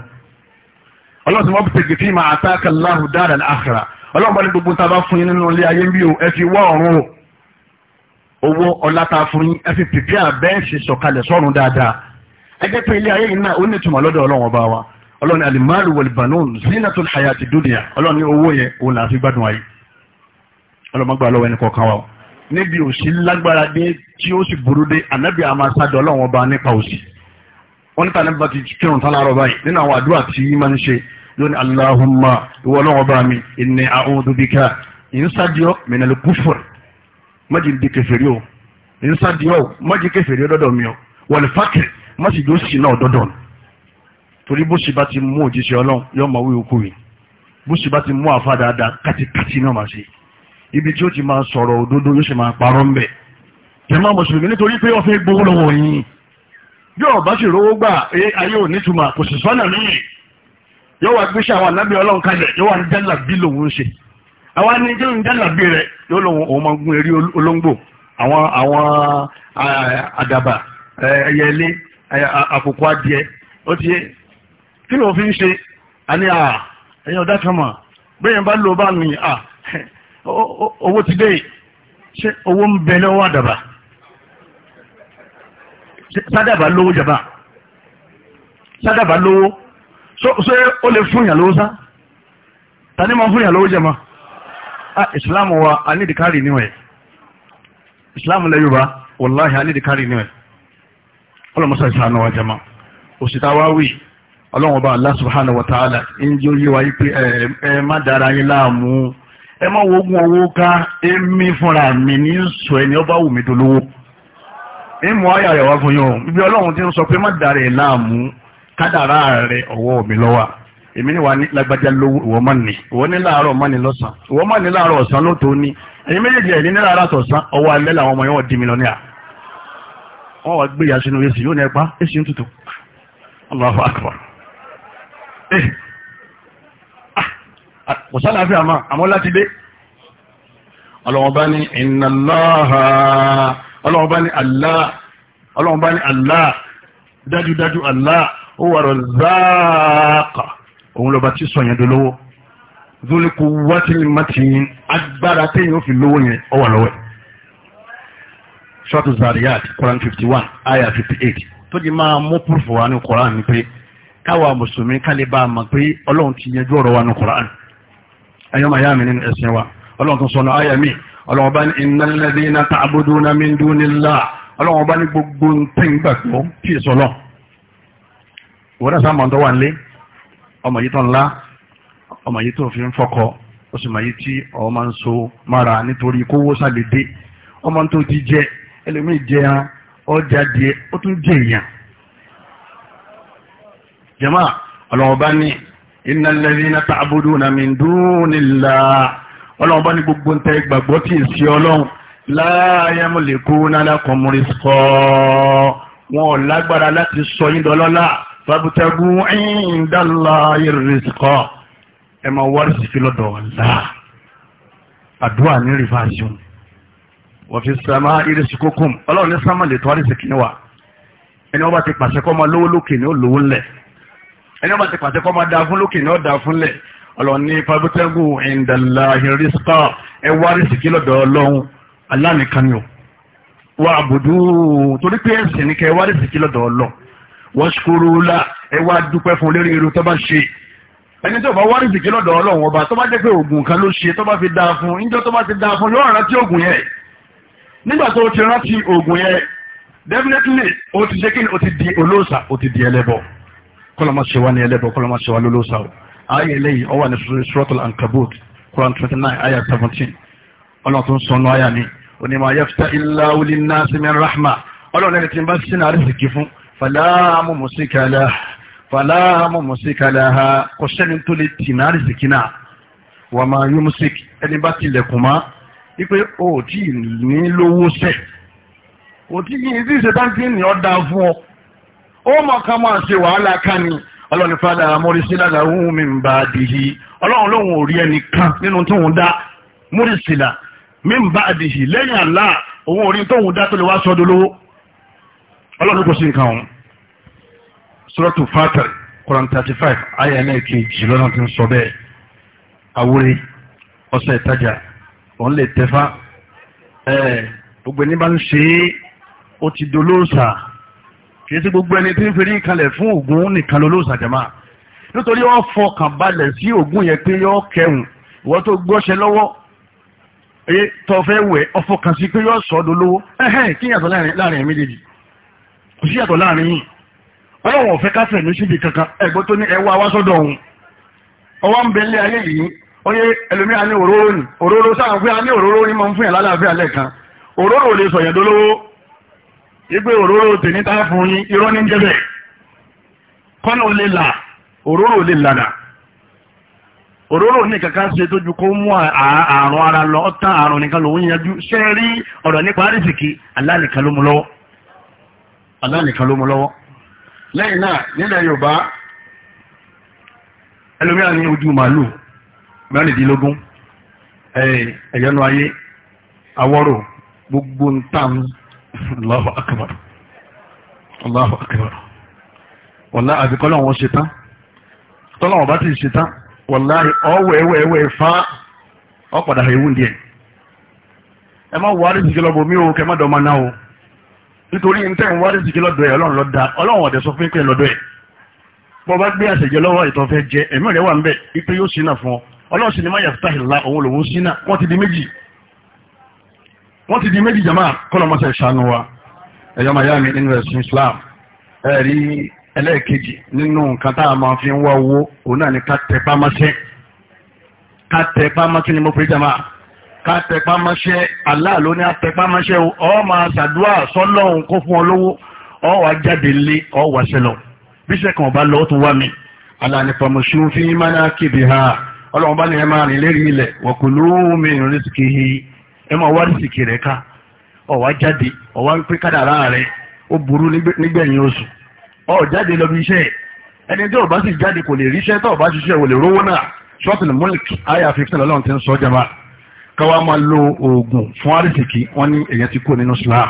ọlọ́sìn wọn tẹ̀gẹ̀ tí màá táàkà láhù dára ní àkàrà ọlọ́run bá ní gbogbo tá a bá fún yín nínú ilé ayé bí o ẹ fi wá ọ̀run o owó ọlá tá a fún yín ẹ fi pìpì àbẹ́ǹsì sọ̀kalẹ̀ sọ́run dáadáa ẹgbẹ́ pé ilé ayé yìí náà ó ní ìtumọ̀ lọ́dọ̀ ọlọ́run ọba wa ọlọ́ni alimalu walibanun zinatul hayati dunia ọlọ́ni owó yẹn òun là fi gbádùn ayé ọlọ́mọgbà lọ́wọ́ ẹni kọ̀ọ̀kan wa níbi òsì lágbára dé tí ó sì burú dé ànábì àmàsádọ̀ ọlọ́run ọba nípa òsì wọ́n níta níbi bá ti kírun tán láàárọ̀ báyìí nínú àwọn àdúrà tí máa ń ṣe lónìí aláhùnmá ìwọ ọlọ́run ọba mi ìní a'udhu bika ìnsádìọ́ minal torí bó ṣe bá ti mú òjíṣẹ́ ọlọ́run yóò máa wí okú rẹ̀ bó ṣe bá ti mú àfa dáadáa kátikáti náà máa ṣe ibi tí ó ti máa sọ̀rọ̀ òdodo yóò ṣe máa parọ́ ń bẹ̀ tẹ̀mọ́ mùsùlùmí nítorí pé ó fẹ́ gbowó lọ́wọ́ yín yóò bá sì rówó gbà é e, ayé ò nítumọ̀ kò sì sọ́nà níyì yóò wá gbéṣẹ́ àwọn ànábì ọlọ́run kalẹ̀ yóò wá ní dálà bí lòun ṣe àwọn ní kí ní kí ló fi ń ṣe àní à ẹ̀yìn ọ̀dá kan mà bẹ́yẹn bá lò bá nìyí à *laughs* owó ti dé ṣe owó ń bẹ lọ́wọ́ àdàbà sádàbà lówó jàbá sádàbà lówó ṣé ó lè fún yàn lówó sá tani máa fún yàn lówó jàmá ah islam wa a ní ìdíkárì níwẹ̀ islam lẹ yorùbá wàláhì a ní ìdíkárì níwẹ̀ ọlọ́mọsá ìsànà wa jàmá òsìtá wa wí ọlọ́run ọba Allah subhanahu wa ta'ala ń jẹ́ oyé wa yí pé ẹ má dára yín láàmú ẹ má wogún owó ká èmi fúnra mi ní sọ ẹni ọba wù mí dolówó ìmú ayà rẹ̀ wá fún yín o ibi ọlọ́run ti ń sọ pé má dára ẹ̀ láàmú kádàrá rẹ̀ ọwọ́ mi lọ́wọ́ èmi ni wà ní lágbájá lówó ìwọ má ní ìwọ ní láàárọ̀ má ní lọ́sàn ìwọ má ní láàárọ̀ ọ̀sán ló tó ní èyí méjèèjì ẹ̀ ní ní láàárọ̀ ọ̀sán ọwọ́ alẹ́ làwọn ọmọ yẹn wọ́n di mi lọ ní à wọ́n wá gbé ìyá sínú èsì yóò ní ẹ pa èsì ń tutù Allahu akbar kò sálàáfíà máa àmọ́ láti dé ọlọ́wọ́bá ní ìnàláha ọlọ́wọ́bá ní Allah ọlọ́wọ́bá ní Allah dájúdájú Allah ó wàrọ̀ záàkà òun lọ́ba tí sọ yẹn dolówó zoliku wátìlì mátìyìn agbára téèyàn ó fi lówó yẹn ó wà lọ́wọ́ ṣọ́tù Zariyat Quran 51 ayah 58 tó di máa mú púrùfù wa ní Quran ní pé káwa mùsùlùmí kálí bá a mọ̀ pé ọlọ́run ti yanjú ọ̀rọ̀ wa ní Qur'an ẹ̀yọ́ màá yá mi nínú ẹ̀sìn wa ọlọ́run tún sọnù ayé mi ọlọ́run bá ní innal ladhina ta'buduna min dunillah ọlọ́run bá ní gbogbo ntẹ́yìn gbàgbọ́ kí èso lọ. ìwọ náà sábà tó wà nílé ọmọ yìí tó ńlá ọmọ yìí tó fi ń fọkọ ó sì mọ yìí tí ọmọ máa ń so mára nítorí kówó sàlédé ọmọ tó ti jẹ ẹlòmíì jẹ ẹran ọjà ó tún jẹ èèyàn jẹ́mà ọlọ́ọ̀bá ní innal ladhina ta'buduna min dunillah ọlọ́ọ̀bá ní gbogbo ń tẹ́ gbàgbọ́ tí ì sí ọlọ́run la yamlikuna lakum rizqa wọn ò lágbára láti sọ yín dọlọ́lá fabtagu indallahi rizqa ẹ máa wárí sí fi lọ́dọ̀ ọ̀la àdúrà ní rìfáàsì wọ́n fi sàmà irisikokum ọlọ́run ní sàmà lè tọ́ àrísìkí wa ẹni wọ́n bá ti pàṣẹ kọ́ ọmọ lówó lókè ní ó lówó ẹni ọba ti pàṣẹ kọ́ máa da fún lókè náà da fún lẹ̀ ọlọ́ni pàbútẹ́gù ìndàláhìn rísíkà ẹ wá rísíkì lọ́dọ̀ ọlọ́run aláàníkanni o wà àbùdú torí pé ẹ̀sìn ní kẹ́ ẹ wá rísíkì lọ́dọ̀ ọlọ́run wọ́n ṣukúrú la ẹ wá dúpẹ́ fún lérí irú tó bá ṣe ẹni tó bá wá rísíkì lọ́dọ̀ ọlọ́run ọba tó bá jẹ́ pé oògùn kan ló ṣe tó bá fi dáa fún níjọ́ tó bá ti dáa fún yóò oògùn yẹn definitely o ti o ti di o ti di kọlọmọ ṣe wá ní ẹlẹ́bọ̀ kọlọmọ ṣe wá lólóòsà o ayé eléyìí ó wà ní ankabut quran twenty nine ayah seventeen ọlọ́run tó ń sọnù ayah mi onímọ̀ ayẹ́fẹ́ ilá wuli nasi min rahma ọlọ́run ẹni tí ń bá sínú àrísìkí fún fàlámù mùsíkàlá fàlámù mùsíkàlá ha kò sẹ́ni tó lè tì ní àrísìkí náà wà máa yún mùsík ẹni bá tilẹ̀kùn má wípé o ò ní lówó sẹ́ o tí ì ìdí ìṣẹ́tàn tí ń ní ọ́ dáa fún ọ ó mọ̀ ká máa ṣe wàhálà kan ni ọlọ́ni fada amúrísílà làwọn mi ń bá a dìhì ọlọ́run lòun ò rí ẹnìkan nínú tóun dá múrísílà mi ń bá a dìhì lẹ́yìn àlá òun ò rí tóun dá tó lè wá sọ́dọ̀ lówó ọlọ́run kò sí nǹkan ọ̀hún sọ́rọ́tù fátẹ̀rì Quran 35 ayé ẹlẹ́ẹ̀kejì lọ́nà tí ń sọ bẹ́ẹ̀ awúre ọ̀sẹ̀ ìtajà òun lè tẹ́fà ẹ̀ gbogbo ẹni bá ń ṣe é ó ti dolóòsà kìí sí gbogbo ẹni tí ń ferí kalẹ̀ fún ògùn nìkan ló lóòsàjàmá nítorí wọ́n fọkàn balẹ̀ sí ògùn yẹn pé yọ kẹrùn ìwọ́n tó gbọ́ṣẹ lọ́wọ́ ẹ tọ́fẹ́ wẹ ọfọkàn sí pé kí láàrin kò sí láàrin yìí ọ̀fẹ́ kankan tó ní ẹwà wá sọ́dọ̀ ọ̀hún ọwọ́ ń bẹ ilé ayé yìí ní òróró òróró sáà fún yà ní òróró fún yà òróró lè igbe òróró tè níta fún yín irọ́ ní jẹ́bẹ̀ kọ́nà lè là òróró lè lànà òróró ní kankan ṣe tójú kó mú àrùn ara lọ ọ́tán àrùn nìkan lòun yanjú ṣe rí ọ̀rọ̀ nípa àrísìkí Allah lẹ́yìn náà nílẹ̀ Yorùbá ẹlòmíràn ní ojú màálù mẹ́rìndínlógún ẹ̀yọ́nú ayé awọ́rò gbogbo Allahu akbar Allahu akbar wàlá àbíkọ́lọ́ wọn ṣe tán tọ́lọ́ wọn bá ti ṣe tán wàlá ọ̀wẹ̀wẹ̀wẹ̀ ẹ má wàárí sìkì lọ́bọ̀ mi o kẹ má ma ná o nítorí ní tẹ́yìn wàárí sìkì lọ́dọ̀ ẹ̀ ọlọ́run lọ́dà ọlọ́run wọ́n ti di méjì jama kọ́lọ́mọ́sẹ̀ ṣàánú wa ẹ̀yọ́ miami nínú ẹ̀sùn islam ẹ̀rí ẹlẹ́ẹ̀kejì nínú nǹkan tá a máa fi ń wá owó òun náà ni ká tẹ pámásẹ́ ká tẹ pámásẹ́ ni mo pè jama ká tẹ pámásẹ́ Allah ló ní àtẹ pámásẹ́ o ọ máa ṣàdúrà sọ́lọ́hún kó fún ọ lówó ọ wà jáde lé ọ wà sẹlọ bíṣẹ́ kan ọba lọ́ọ́ tún wá mi Allah ní famushu fi manakibiha ọlọ́run bá ní ẹ máa rìn lérí ilẹ̀ wa kulu min rizqihi ẹ máa wá rìsìkì rẹ ká ọ̀wá jáde ọ̀wá pé kádàrá rẹ ó burú nígbẹ̀yìn oṣù ọ̀ jáde lọ bí iṣẹ́ ẹni tí ọba sì jáde kò lè ríṣẹ́ tó ọba ṣiṣẹ́ ò lè rówó náà ṣọ́ọ̀tún múlìkì àyà fífún ọlọ́run ti ń sọ jama káwá máa lo oògùn fún àrísìkì wọn ní èyàn ti kú nínú Islam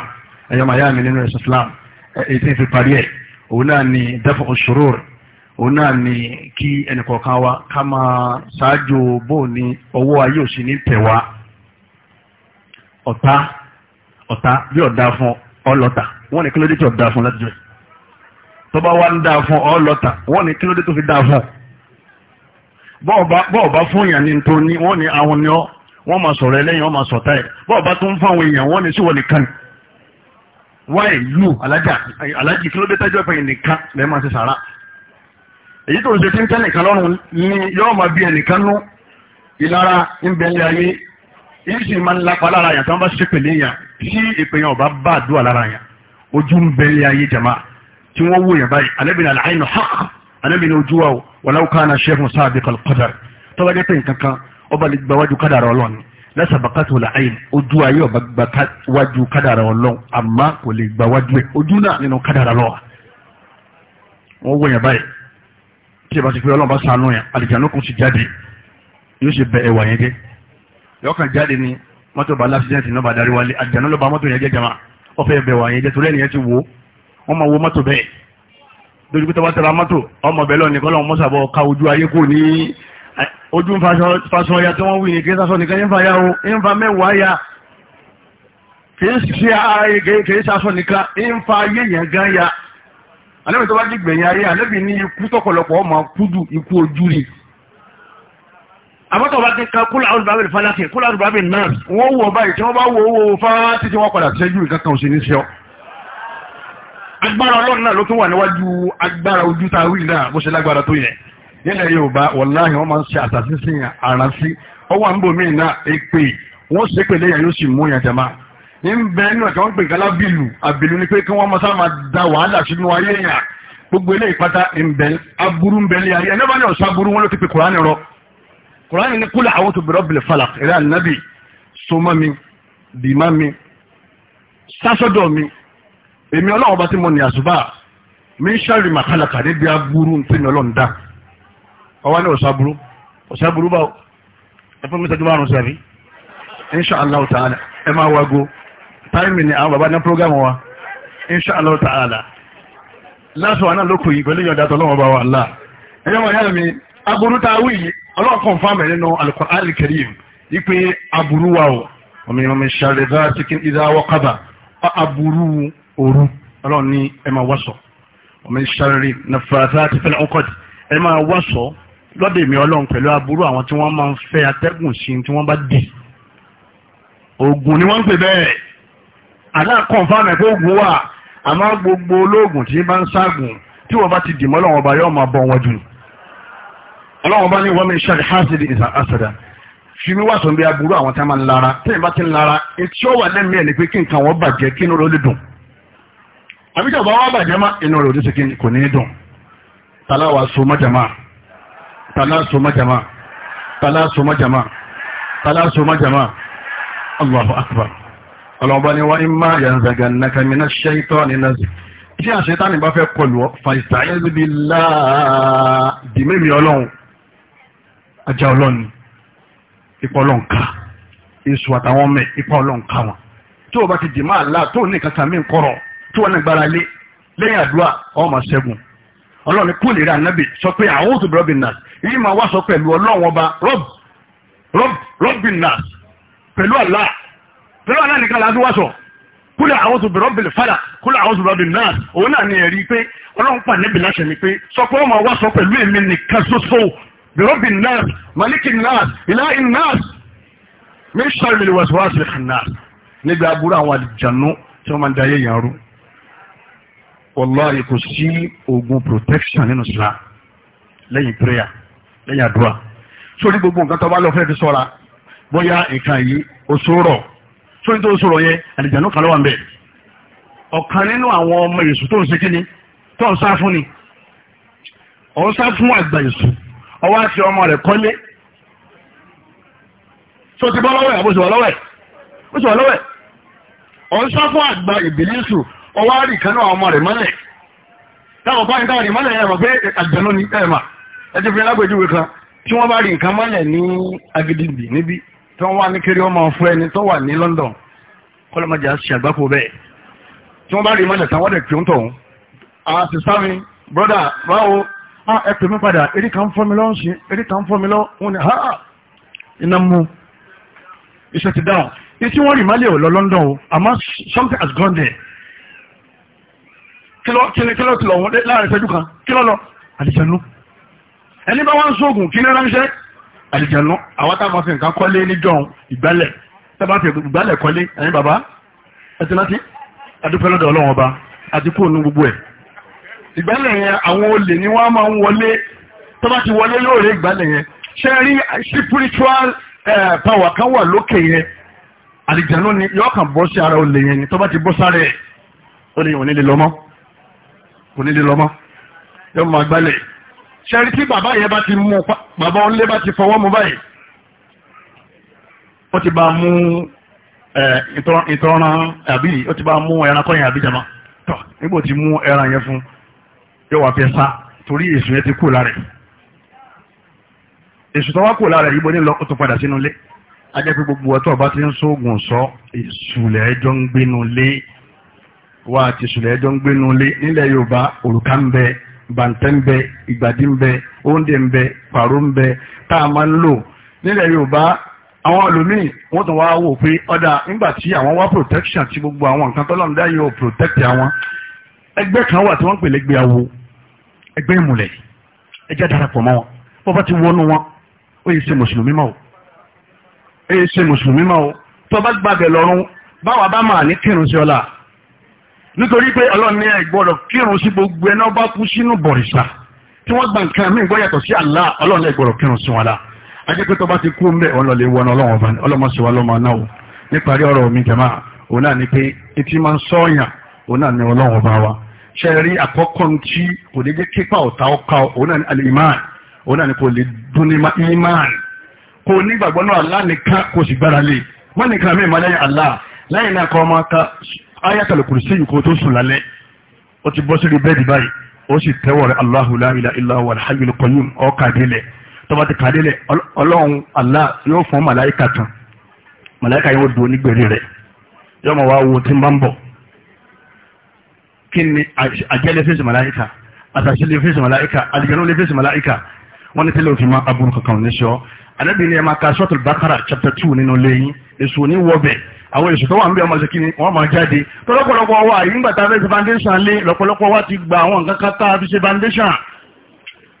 ẹ̀yọ́ màá yá mi nínú ẹ̀sìn Islam èyí tí ń fi parí ẹ̀ òun náà ni dafu ushurur òun náà ni kí ẹnìkọ̀ọ̀kan wa ká máa ṣáájú bóun ní ọwọ́ ayé òsì ní tẹ̀wàá ọ̀tá ọ̀tá bí ọ̀dá fún ọlọ́ta wọ́n ní kílódé tí ọ̀dá fún láti jọ tó bá wá ń dá fún ọlọ́ta wọ́n ní kílódé tó fi dá fún bọ́ọ̀bá fún èèyàn ní tó ní wọ́n ní àwọn ni ọ́ wọ́n máa sọ̀rọ̀ ẹlẹ́yìn wọ́n máa sọ̀tá ẹ̀ bọ́ọ̀bá tó ń fún àwọn èèyàn wọ́n ní síwọ́n nìkan wáyé lù alájà alájì kílódé tájọ́ ìpẹ́yìn nìkan lẹ́ẹ̀ máa ṣe sàrà èyí tó ń ṣe tí ń tẹ́ nìkan lọ́rùn ni yọ́ọ̀ máa bí ẹnìkan nú ìlara ń bẹ̀lẹ̀ yìí sì máa ń lápá lára yàn tí wọ́n bá ṣépèlé yàn tí ìpèyàn ọba bá àdúrà lára yàn ojú ń bẹ́lẹ̀ ayé jama tí wọ́n wò yàn báyìí alẹ́bìnrin àlàyé hàk alẹ́bìnrin ojú wa wàlá òkà náà ṣe fún sáà bíkọ̀ kọ́dàr tó bá jẹ́ pé nǹkan kan ọba lè gba wájú kádàrà ọlọ́run lẹ́sàbàkàtà wọlé ayé ojú ayé ọba gba wájú kádàrà ọlọ́run àmọ́ kò lè gba wájú ẹ̀ ojú náà nínú kádàrà lọ́wọ́ wọ́n wò yọkàn jáde ni mọ́tò bá lásìdẹ́ǹtì náà bá darí wálé àjànà ló ba mọ́tò yẹn jẹ́ jama ọ̀fẹ́ ẹ̀bẹ̀ wà yẹn jẹ́ torí ẹ̀nìyẹn ti wò wọ́n máa wo mọ́tò bẹ́ẹ̀ lójú pé tọ́wọ́ tẹ̀ra mọ́tò ọmọ bẹ́ẹ̀ lọ́ọ̀ nìkan lọ́wọ́ mọ́sàbọ̀ ka ojú ayé kò ní ojú ń faṣọ tí wọ́n wí ní kéésà nìkan ń ya o ń mẹ́wàá ya kéésà sọ nìkan ń ayé yẹn gan ya alẹ́bí tó bá dìgbẹ̀yìn ayé alẹ́bí ní àmọ́tọ̀ bá ti ka kúlà àwọn ìbábẹ̀ falákì kúlà àwọn ìbábẹ̀ náà wọ́n wọ báyìí tí wọ́n bá wọ owó fáwọn títí wọ́n padà sẹ́jú nǹkan kan òṣèlú sí ọ. agbára ọlọ́run náà ló tún wà níwájú agbára ojú tá a wí náà bó ṣe lágbára tó yẹ nílẹ̀ yorùbá wàláhì wọ́n máa ń ṣe àtàtì sí àránsí ọwọ́ àǹbòmí náà èpè wọ́n ṣe pèlè yẹn yóò sì mú yẹn jama ní bẹ́ẹ̀ nínú ẹ̀ka wọ́n pè kálá bìlù àbìlù ni pé kí wọ́n máa sá máa da wàhálà sínú ayé yẹn gbogbo eléyìí pátá ń bẹ aburú ń bẹ ní ayé ẹni bá ní ọ̀sán aburú wọn ló ti pe kùránì rọ kùránì ní kúlẹ̀ àwọn tó bẹ̀rọ̀ bìlẹ̀ falak eré ànábì sọmọ mi bìmá mi sásọ́dọ̀ mi èmi ọlọ́run ọba tí mo ní àṣùbà mi ń ṣàrì màkàlàkà níbi aburú tí mi ọlọ́run dá ọwọ́ ní ọ̀ṣàbúrú ọ̀ṣàbúrú báwo ẹ fún mi sẹ́jú márùn-ún sẹ́rí inṣàlá ta'ala ẹ máa wago táìmì ni àwọn bàbá ní prógámù wa inṣàlá ta'ala láti wà náà lókùn yìí pẹ̀lú ìyọ̀dá tọ́lọ́wọ́ bá wà láà ẹ̀yọ́ wọn yára mi aburú ta wí yìí ọlọ́run confam ẹ̀ nínú al-Qur'an al-Karim ipe aburú wa o ọmọ ìyọ̀mọ̀ ìṣàlẹ̀ dára tí kí ìdá wọ́kàbà aburú òru ọlọ́run ní ẹ máa wọ́sọ̀ ọmọ ìṣàlẹ̀ nàfàdà ti fẹ́lẹ̀ ọkọ̀dì ẹ wọ́sọ̀ lọ́dẹ̀ mi ọlọ́run pẹ̀lú aburú àwọn tí wọ́n máa ń fẹ́ atẹ́gùn sí tí wọ́n bá dì oògùn ni wọ́n ń pè bẹ́ẹ̀ àdá confam ẹ̀ pé oògùn wà àmọ́ gbogbo olóògùn tí bá ń ságùn tí wọ́n bá ti dì mọ́ lọ́wọ́ ọba yóò máa bọ́ wọn jù ní ọlọ́run bá ní wọ́n mi ṣáàdì hásìdì ìsà àṣàdà fi mi wá sọ bí aburú àwọn tá a máa ń lara tẹ́yìn bá ti ń lara etí ó wà lẹ́mí ẹ̀ ni pé kí nǹkan wọn bàjẹ́ kí inú rẹ̀ ó lè dùn àbí tí ọba wa bàjẹ́ má inú rẹ̀ ò ní sèké kò ní dùn tàlá wa so má jàmá tàlá so má jàmá tàlá so má jàmá tàlá so má jàmá Allahu akbar ọlọ́run bá ní wá imma yanzaghannaka minash shaitani nazg tí àṣetánì bá fẹ́ kọlù ọ fàìsàyẹ́sì bíi láà dìmẹ́mi ọlọ́run ajá ọlọ́ni ipa ọlọ́nka èso àtàwọn ọmọ ipa ọlọ́nka wọn tó o bá ti dì máa la tó o ní nǹkan kan mí ń kọ̀rọ̀ tó o ní gbára lé lẹ́yìn àdúrà ọmọ ṣẹ́gun ọlọ́ni kú lè rí ànábì sọ pé àwọn òtún rọ́bì náà yìí máa wá sọ pẹ̀lú ọlọ́run ọba rọ́b rọ́b rọ́bì náà pẹ̀lú àlá pẹ̀lú àlá nìkan láti wá sọ kú àwọn òtún rọ́bì fàdà kú àwọn òtún rọ́bì òun náà ni ẹ̀rí pé ọlọ́run pàdé bìláṣẹ ni pé sọ pé ọmọ wá sọ pẹ̀lú èmi nìkan ṣoṣo bìrọ́bì náà màlíkì náà ìlàhì náà min sharri al-waswasi al-khannas níbi aburú àwọn àlìjànú tí wọ́n máa ń da ayé yàn rú wallahi kò sí oògùn protection nínú Islam lẹ́yìn prayer lẹ́yìn àdúrà sórí gbogbo nǹkan tó bá lọ fẹ́ fi sọ́ra bóyá nǹkan yìí òṣòrọ̀ sórí tó òṣòrọ̀ yẹn àlìjànú kan ló wà ń bẹ̀ ọ̀kan nínú àwọn ọmọ èṣù tó ń ṣe kíni tó ń sá fún ni ọ̀ ń sá fún àgbà èṣù ọwọ́ àti ọmọ rẹ̀ kọ́lé tó ti bọ́ lọ́wọ́ ẹ̀ bó ṣe wà lọ́wọ́ ẹ̀ bó ṣe wà lọ́wọ́ ẹ̀ ọ̀ ń sọ fún àgbà ìbílísù ọwọ́ àrí kan náà ọmọ rẹ̀ mọ́lẹ̀ táwọn bá ń dáwọn ní mọ́lẹ̀ ẹ̀mọ̀ pé àgbẹ̀nú ní ẹ̀mà ẹ ti fi lágbèjúwe kan tí wọ́n bá rí nǹkan mọ́lẹ̀ ní agidindi níbi tí wọ́n wá ní kiri ọmọ fún ẹni tó wà ní London kọ́lọ́mọdé á ṣe àgbákò bẹ́ẹ̀ tí wọ́n bá rí mọ́lẹ̀ táwọn dẹ̀ kí ó ń tọ̀hún àti sámi brọ́dà báwo ah ẹ pè mí padà eré kan fọ́ mi lọ́ ń ṣe kan fọ́ mi lọ́ wọn ni ha iná mú iṣẹ́ ti dáhùn etí wọ́n rì má lè London o àmọ́ something has gone there kí ló kí ló ti lọ wọn láàrin ìṣẹ́jú kan kí ló lọ àlìjẹ̀nu ẹni bá wọn sóògùn kí ní ránṣẹ́ àlìjẹ̀nu àwọn táwọn fi nǹkan kọ́lé níjọ́ ìgbálẹ̀ tábà fi ìgbálẹ̀ kọ́lé ẹ̀yin bàbá ẹ ti adúpẹ́ lọ́dọ̀ Ọlọ́run ọba àti kúrò gbogbo ẹ̀ ìgbálẹ̀ yẹn àwọn olè ni wọ́n máa ń wọlé tó bá ti wọlé lóòrè ìgbálẹ̀ yẹn ṣe rí spiritual power kan wà lókè yẹn àlìjánu ni yóò kàn bọ́ sí ara olè yẹn ni tó bá ti bọ́ sára ẹ̀ ó ní òní lè lọ́mọ́ òní lè lọ́mọ́ yóò máa gbálẹ̀ ṣe rí tí bàbá yẹn bá ti mú bàbá òun lé bá ti fọwọ́ mu báyìí ó ti bá mú ìtọ́ran àbí ó ti bá mú ẹran kọ́yìn àbí jama tó nígbò ti mú ẹran yẹn fún un yóò wá fẹ́ sá torí èsù yẹn ti kú lára ẹ̀ èsù tó wá kú lára yìí bó ní lọ ó tó padà sínú ilé ajẹ́ pé gbogbo ọtọ́ ọba ti ń sóògùn sọ ìsùlẹ̀ ẹjọ́ ń gbénu lé wa àti ìsùlẹ̀ ẹjọ́ ń gbénu lé nílẹ̀ Yorùbá òrùka ń bẹ bàǹtẹ́ ń bẹ ìgbàdí ń bẹ oúnjẹ ń bẹ pàrọ̀ ń bẹ tá a máa ń lò nílẹ̀ Yorùbá àwọn ẹlòmíì wọ́n tún wá wò pé ọ̀dà nígbà tí àwọn wá protection ti gbogbo àwọn nǹkan tọ́lọ́mùdá yóò protect àwọn ẹgbẹ́ kan wà tí wọ́n pè lẹ́gbẹ̀ẹ́ awo ẹgbẹ́ ìmùlẹ̀ ẹjẹ́ darapọ̀ mọ́ wọn bó bá ti wọnú wọn ó yẹ ṣe mùsùlùmí mọ́ o ó yẹ ṣe mùsùlùmí mọ́ o tó bá gbàgbẹ́ lọ́rùn báwa bá máa ní kírun sí ọlá nítorí pé ọlọ́run ní ẹ̀gbọ́dọ̀ kírun sí gbogbo ẹ̀ náà bá kú sínú bọ̀rìṣà tí wọ́n gba nǹkan mí gbọ́ yàtọ̀ sí àlá ọlọ́run ẹ̀gbọ́dọ̀ kírun sí wọn lá ajẹ́pẹ́ tó bá ti kú mbẹ́ ọ̀n lọ́lẹ̀ wọn ọlọ́run ọba ọlọ́mọ sí wa lọ́mọ náà o níparí ọ̀rọ̀ mi jẹ̀má òun náà ni pé etí máa ń sọ́ọ̀yàn òun náà ni ọlọ́run ọba wa ṣe rí àkọ́kọ́ tí kò lè jẹ́ kípa ọ̀tá ọ̀ka òun náà ni al-iman òun náà ni kò lè dún ní iman kò nígbàgbọ́ náà Allah nìkan kò sì gbára lé wọ́n nìkan mí ìmọ̀ lẹ́yìn Allah lẹ́yìn náà kọ́ ọmọ ká ayatul kursi yìí kò tó sùn lálẹ́ ó ti bọ́ sórí bẹ́ẹ̀dì báyìí ó sì tẹ́wọ̀ rẹ̀ Allahu la ilaha illa huwa al-hayyul qayyum ọ́ kàdélẹ̀ tó bá ti kàdélẹ̀ ọlọ́run Allah yóò fún màláìka tán màláìka yóò dùn onígbèrè rẹ̀ yọ́mọ̀ wá wo tí ń bá Kini ni àjẹ́ lè fèsì màláìka àtàṣe lè fèsì màláìka àdìgbẹ́nú lè fèsì màláìka wọ́n ní tẹ́lẹ̀ òfin máa aburú kankan ní sọ àdẹ́bí ni ẹ máa ka sọ́tò chapter two nínú lẹ́yìn èso ní wọ́bẹ̀ àwọn èso tó wà ń bẹ ọmọ ṣe kí ni wọ́n máa jáde tọ́lọ́pọ̀lọpọ̀ wa ìgbà tá a fẹ́ ṣe foundation lé lọ́pọ̀lọpọ̀ wa ti gba àwọn nǹkan kan tá a fi ṣe foundation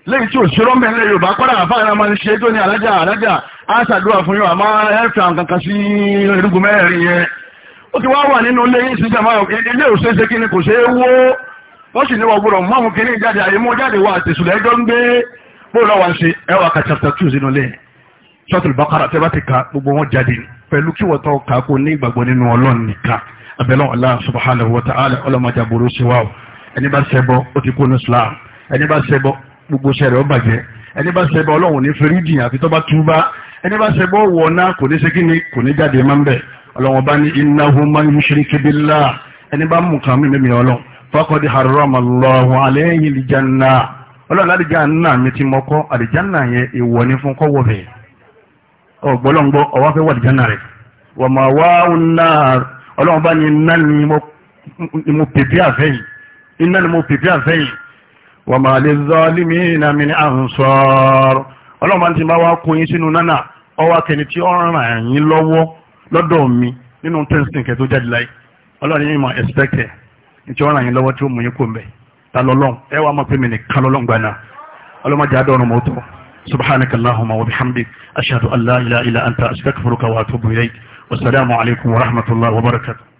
lẹ́yìn tí òṣèrò ń bẹ̀ yorùbá kọ́dà àfáàrà máa ń ṣe tó ní alájà alájà á ṣàdúrà fún yóò àmọ́ ẹ̀fẹ̀ àwọn kankan sí irúgbìn mẹ́rin yẹn ó ti wá wà nínú ilé yìí sí jàmá ilé òṣèṣe kí ni kò ṣe é wó wọ́n sì ní wọ́n gbọ́dọ̀ mú àwọn kìíní jáde àyè mú jáde wà àtẹ̀sùlẹ̀ ẹjọ́ ń gbé bóòlù àwọn ṣe ẹwà ka chapter two sínú ilé sọ́tùlù bàkàrà tẹ́ bá ti ka gbogbo wọn jáde pẹ̀lú kí wọ́n tọ́ ka kó ní ìgbàgbọ́ nínú ọlọ́run nìkan abẹ́lẹ́ Allah subhanahu wa ta'ala ọlọ́mọdé aburú sí wa o ẹni bá ṣẹbọ ó ti kó ẹni bá ṣe bọ́ wọ̀ náà kò ní ṣe kí ni kò ní jáde máa ń bẹ̀ ọlọ́wọ́n bá ní innahu man yushrik billah ẹni bá mú kan mímí mi ọlọ́ faqad harrama Allahu alayhi al ọlọ́run àlìjáná mi ti mọ́kọ́ àlìjáná yẹn ìwọ ni fún kọ́wọ́ bẹ̀ ọ̀gbọ́lọ́ngbọ́ ọwọ́ fẹ́ wà àlìjáná rẹ̀ wa ma'wahu an bá ní iná ni mo ọlọ́run ti bá wá kún yín sínú nánà ọwọ́ akẹni tí ó ràn yín lọ́wọ́ lọ́dọ̀ mi nínú tẹ́sítì kẹ́ tó jáde láyé ọlọ́run yín mọ̀ ẹ̀sìpẹ́kẹ̀ tí ó ràn yín lọ́wọ́ tí ó mú yín kó mbẹ́ ta lọ́lọ́run ẹ wá mọ̀ pé mi nìkan lọ́lọ́run gbà náà ọlọ́mọdé adọ́run mọ́tò subhanaka allahumma wa bihamdik ashhadu an la ilaha illa anta astaghfiruka wa atubu ilayk wassalamu alaykum wa rahmatullahi wa barakatuh